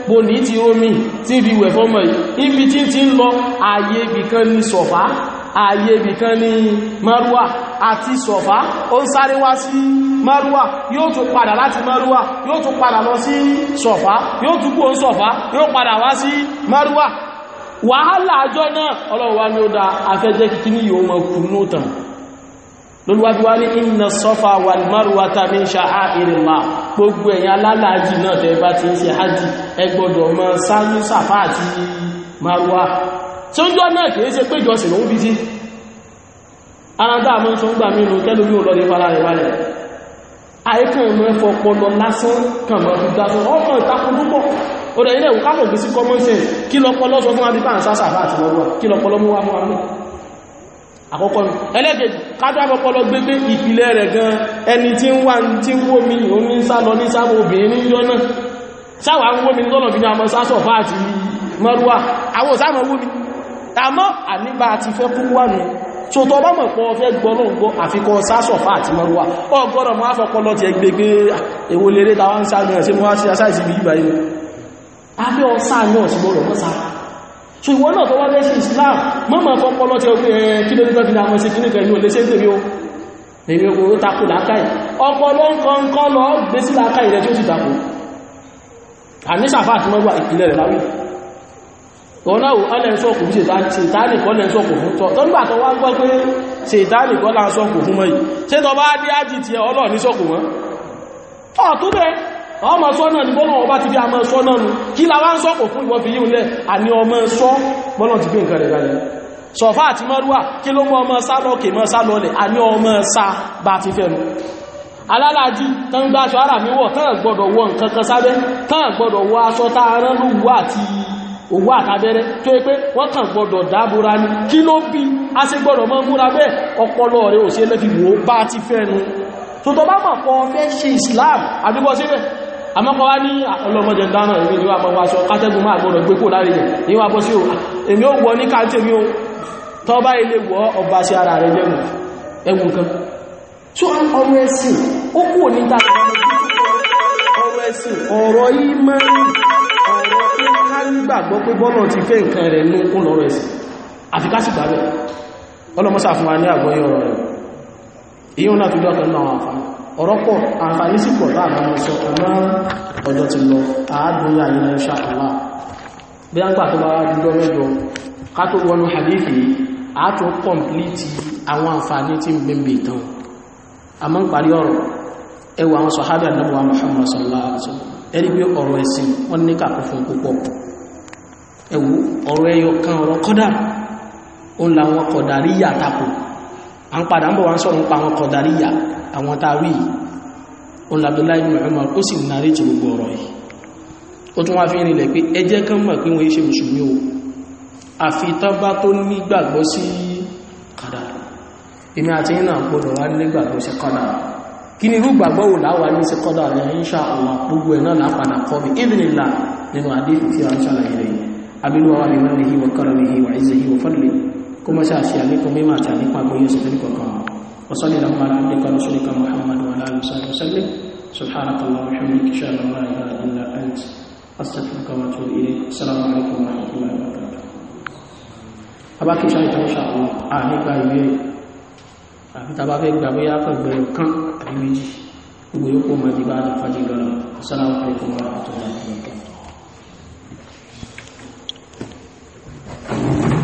bòní ti omi tí ń fi wẹ̀ fọ́mọ yìí ibi tí ń lọ ààyè ibì kan ní sọ̀fá ààyè ibìkan ní Marwa àti Sọ̀fá ó ń sáré wá sí Marwa yóò tún padà láti Marwa yóò tún padà lọ sí Sọ̀fá yóò tún kúrò Sọ̀fá yóò padà wá sí Marwa wàhálà àjọ náà ọlọ́wà ní ó dá afẹ́jẹ́ kìkí ní yóò mọ̀ kùnú tàn lóluwájúwá ní inna Safa wal Marwata min sha'airillah gbogbo ẹ̀yà alálàájì náà tẹ́ bá ti ń ṣe hajji ẹ mọ́ sáyú Safa àti Marwa tí ó ń jọ náà kìí ṣe pé ìjọsìn ló ń bí sí ara dáa mọ́ tó ń gbà mínú tẹ́lú yóò lọ́dẹ fara rẹ̀ wálẹ̀ àìkàn mọ́ ẹfọ ọpọlọ lásán kàn mọ́ fi dásán ọkọ̀ ìtakùn púpọ̀ ó rẹ̀ ilẹ̀ òkàpọ̀ gbé sí common sense kí lọpọlọ sọ fún adípa ń sásà bá àti lọ́wọ́ kí lọpọlọ mú wá fún àmì àkọ́kọ́ ní ẹlẹ́gẹ̀ẹ́jì kájọ́ àpọpọlọ gbégbé ìpìlẹ̀ rẹ̀ gan ẹni tí ń wà tí ń wó mi ò ní sá lọ ní sáwọ obìnrin yọ náà sáwà ń wó mi lọ́nà fi ní àmọ́ sásọ̀ fáàtì mọ́rúwà àwọn òsáàmọ̀ wó mi àmọ́ àníbà ti fẹ́ kú wà nù tó tọ bá mọ̀ pọ̀ fẹ́ gbọ́lọ́gbọ́ àfikọ́ sásọ̀fà àti mọ́rúwà ọgọ́rọ̀ ah, mọ́ àfọ́kọ́lọ́ ti ẹgbẹ̀gbẹ̀ èwo léré tàwọn sáàmìyàn sí wọ́n sí asáìsì bí ibà yìí abẹ́ ọsáàmìyàn sí gbọ́rọ̀ mọ́sá so ìwọ náà tó wá lẹ́sì Islam mọ́mọ̀ fọ́kọ́lọ́ ti ẹgbẹ̀ eh, kí lórí ọ̀láwò alẹ́sọ́kù fún ṣètàní kọ́ lẹ́sọ́kù fún tọ́nbà tó wá gbọ́ pé ṣètàní kọ́ lásọ́kù fún mọ́yí ṣe tọ́ bá dí ájì tí ẹ ọlọ́ ní sọ́kù wọn ọ̀ tó bẹ́ ọmọ sọ́nà ní bọ́lọ̀ ọba ti bí àmọ́ sọ́nà nù kí láwá ń sọ́kù fún ìwọ́n fi yíò lẹ́ àní ọmọ sọ́ bọ́lọ̀ ti gbé nǹkan rẹ̀ balẹ̀ sọ̀fà àti mọ́rúwà kí ló mọ́ ọmọ sá lọ́kè mọ́ sá lọ́lẹ̀ àní ọmọ sá owó àtàbẹ́rẹ́ tó yẹ pé wọ́n kàn gbọdọ̀ dábúra ní kí ló bí a ṣe gbọdọ̀ mọ́ múra bẹ́ẹ̀ ọpọlọ rẹ̀ ò sí ẹlẹ́fi wò bá ti fẹ́nu tó tọ́ bá mọ̀ pọ̀ fẹ́ ṣe Islam àdúgbọ́ síbẹ̀ àmọ́kọ́ wá ní ọlọ́mọdé dáná ni wà bọ́wá sọ kátẹ́gùn máa gbọdọ̀ gbé kò láàrin rẹ̀ ní wà sí o èmi ò wọ ní káńtẹ́ mi rẹ̀ jẹ́mù ẹgbùn ní tàbí ọmọ ń gbàgbọ́ pé bọ́lọ̀ ti fẹ́ nǹkan rẹ̀ ní ó lọ́rọ̀ ẹ̀sìn àfikásì gbàbẹ̀ ọlọ́mọ́sà fún wa ní àgbọ́yé ọ̀rọ̀ rẹ̀ èyí náà tó dọ́kọ̀ náà àǹfààní ọ̀rọ̀ pọ̀ àǹfààní sí pọ̀ láàrín ọ̀sọ̀ ọ̀nà ọjọ́ ti lọ àádùn láàrin ẹ̀ṣà àlá bí a ń gbà tó bá dúdọ́ mẹ́jọ ká tó wọnú hadithi àátún kọ̀mplíti àwọn àǹfààní tí ń gbẹ̀mgbẹ̀ ìtàn a mọ́ ń parí ọ̀rọ̀ ẹwà àwọn sọ̀hábẹ̀ àdàbọ̀ Muhammad sallallahu alaihi wasallam ẹni pé ọ̀rọ̀ ẹ̀sìn wọ́n ní kàkọ́ fún púpọ̀ ẹ̀wù ọ̀rọ̀ ẹyọ kan ọ̀rọ̀ kọ́dà òun làwọn kọ̀dàríyà tako à ń padà ń bọ̀ wá ń sọ̀rọ̀ ń pa àwọn kọ̀dàríyà àwọn tàwí òun l'Abdullahi ibn Umar ó sì nàrí ti gbogbo ọ̀rọ̀ yìí ó tún wá fi rìnlẹ̀ pé ẹjẹ́ kan mọ̀ pé wọ́n yí ṣe mùsùlùmí o àfi tán bá tó nígbàgbọ́ sí kàdà èmi àti yínà gbọdọ̀ wá nígbàgbọ́ sí kọ́dà kí ni irú gbàgbọ́ wò àbílúwà wà ní mọ́lẹ̀hí wà kọ́rọ̀mìhí wà ìzẹ̀hí wà fọ́lẹ̀ kó mọ́ sáà sí àlékún mímọ̀ àti àlékún àgbóyé sí lórí kọ̀ọ̀kan وصلى الله على عبدك ورسولك محمد وعلى اله وصحبه وسلم kan àbí gbogbo yóò kó mọ̀ ìdíbà àti fàjì lọ́nà assalamu alaikum warahmatullahi wabarakatuh Thank you.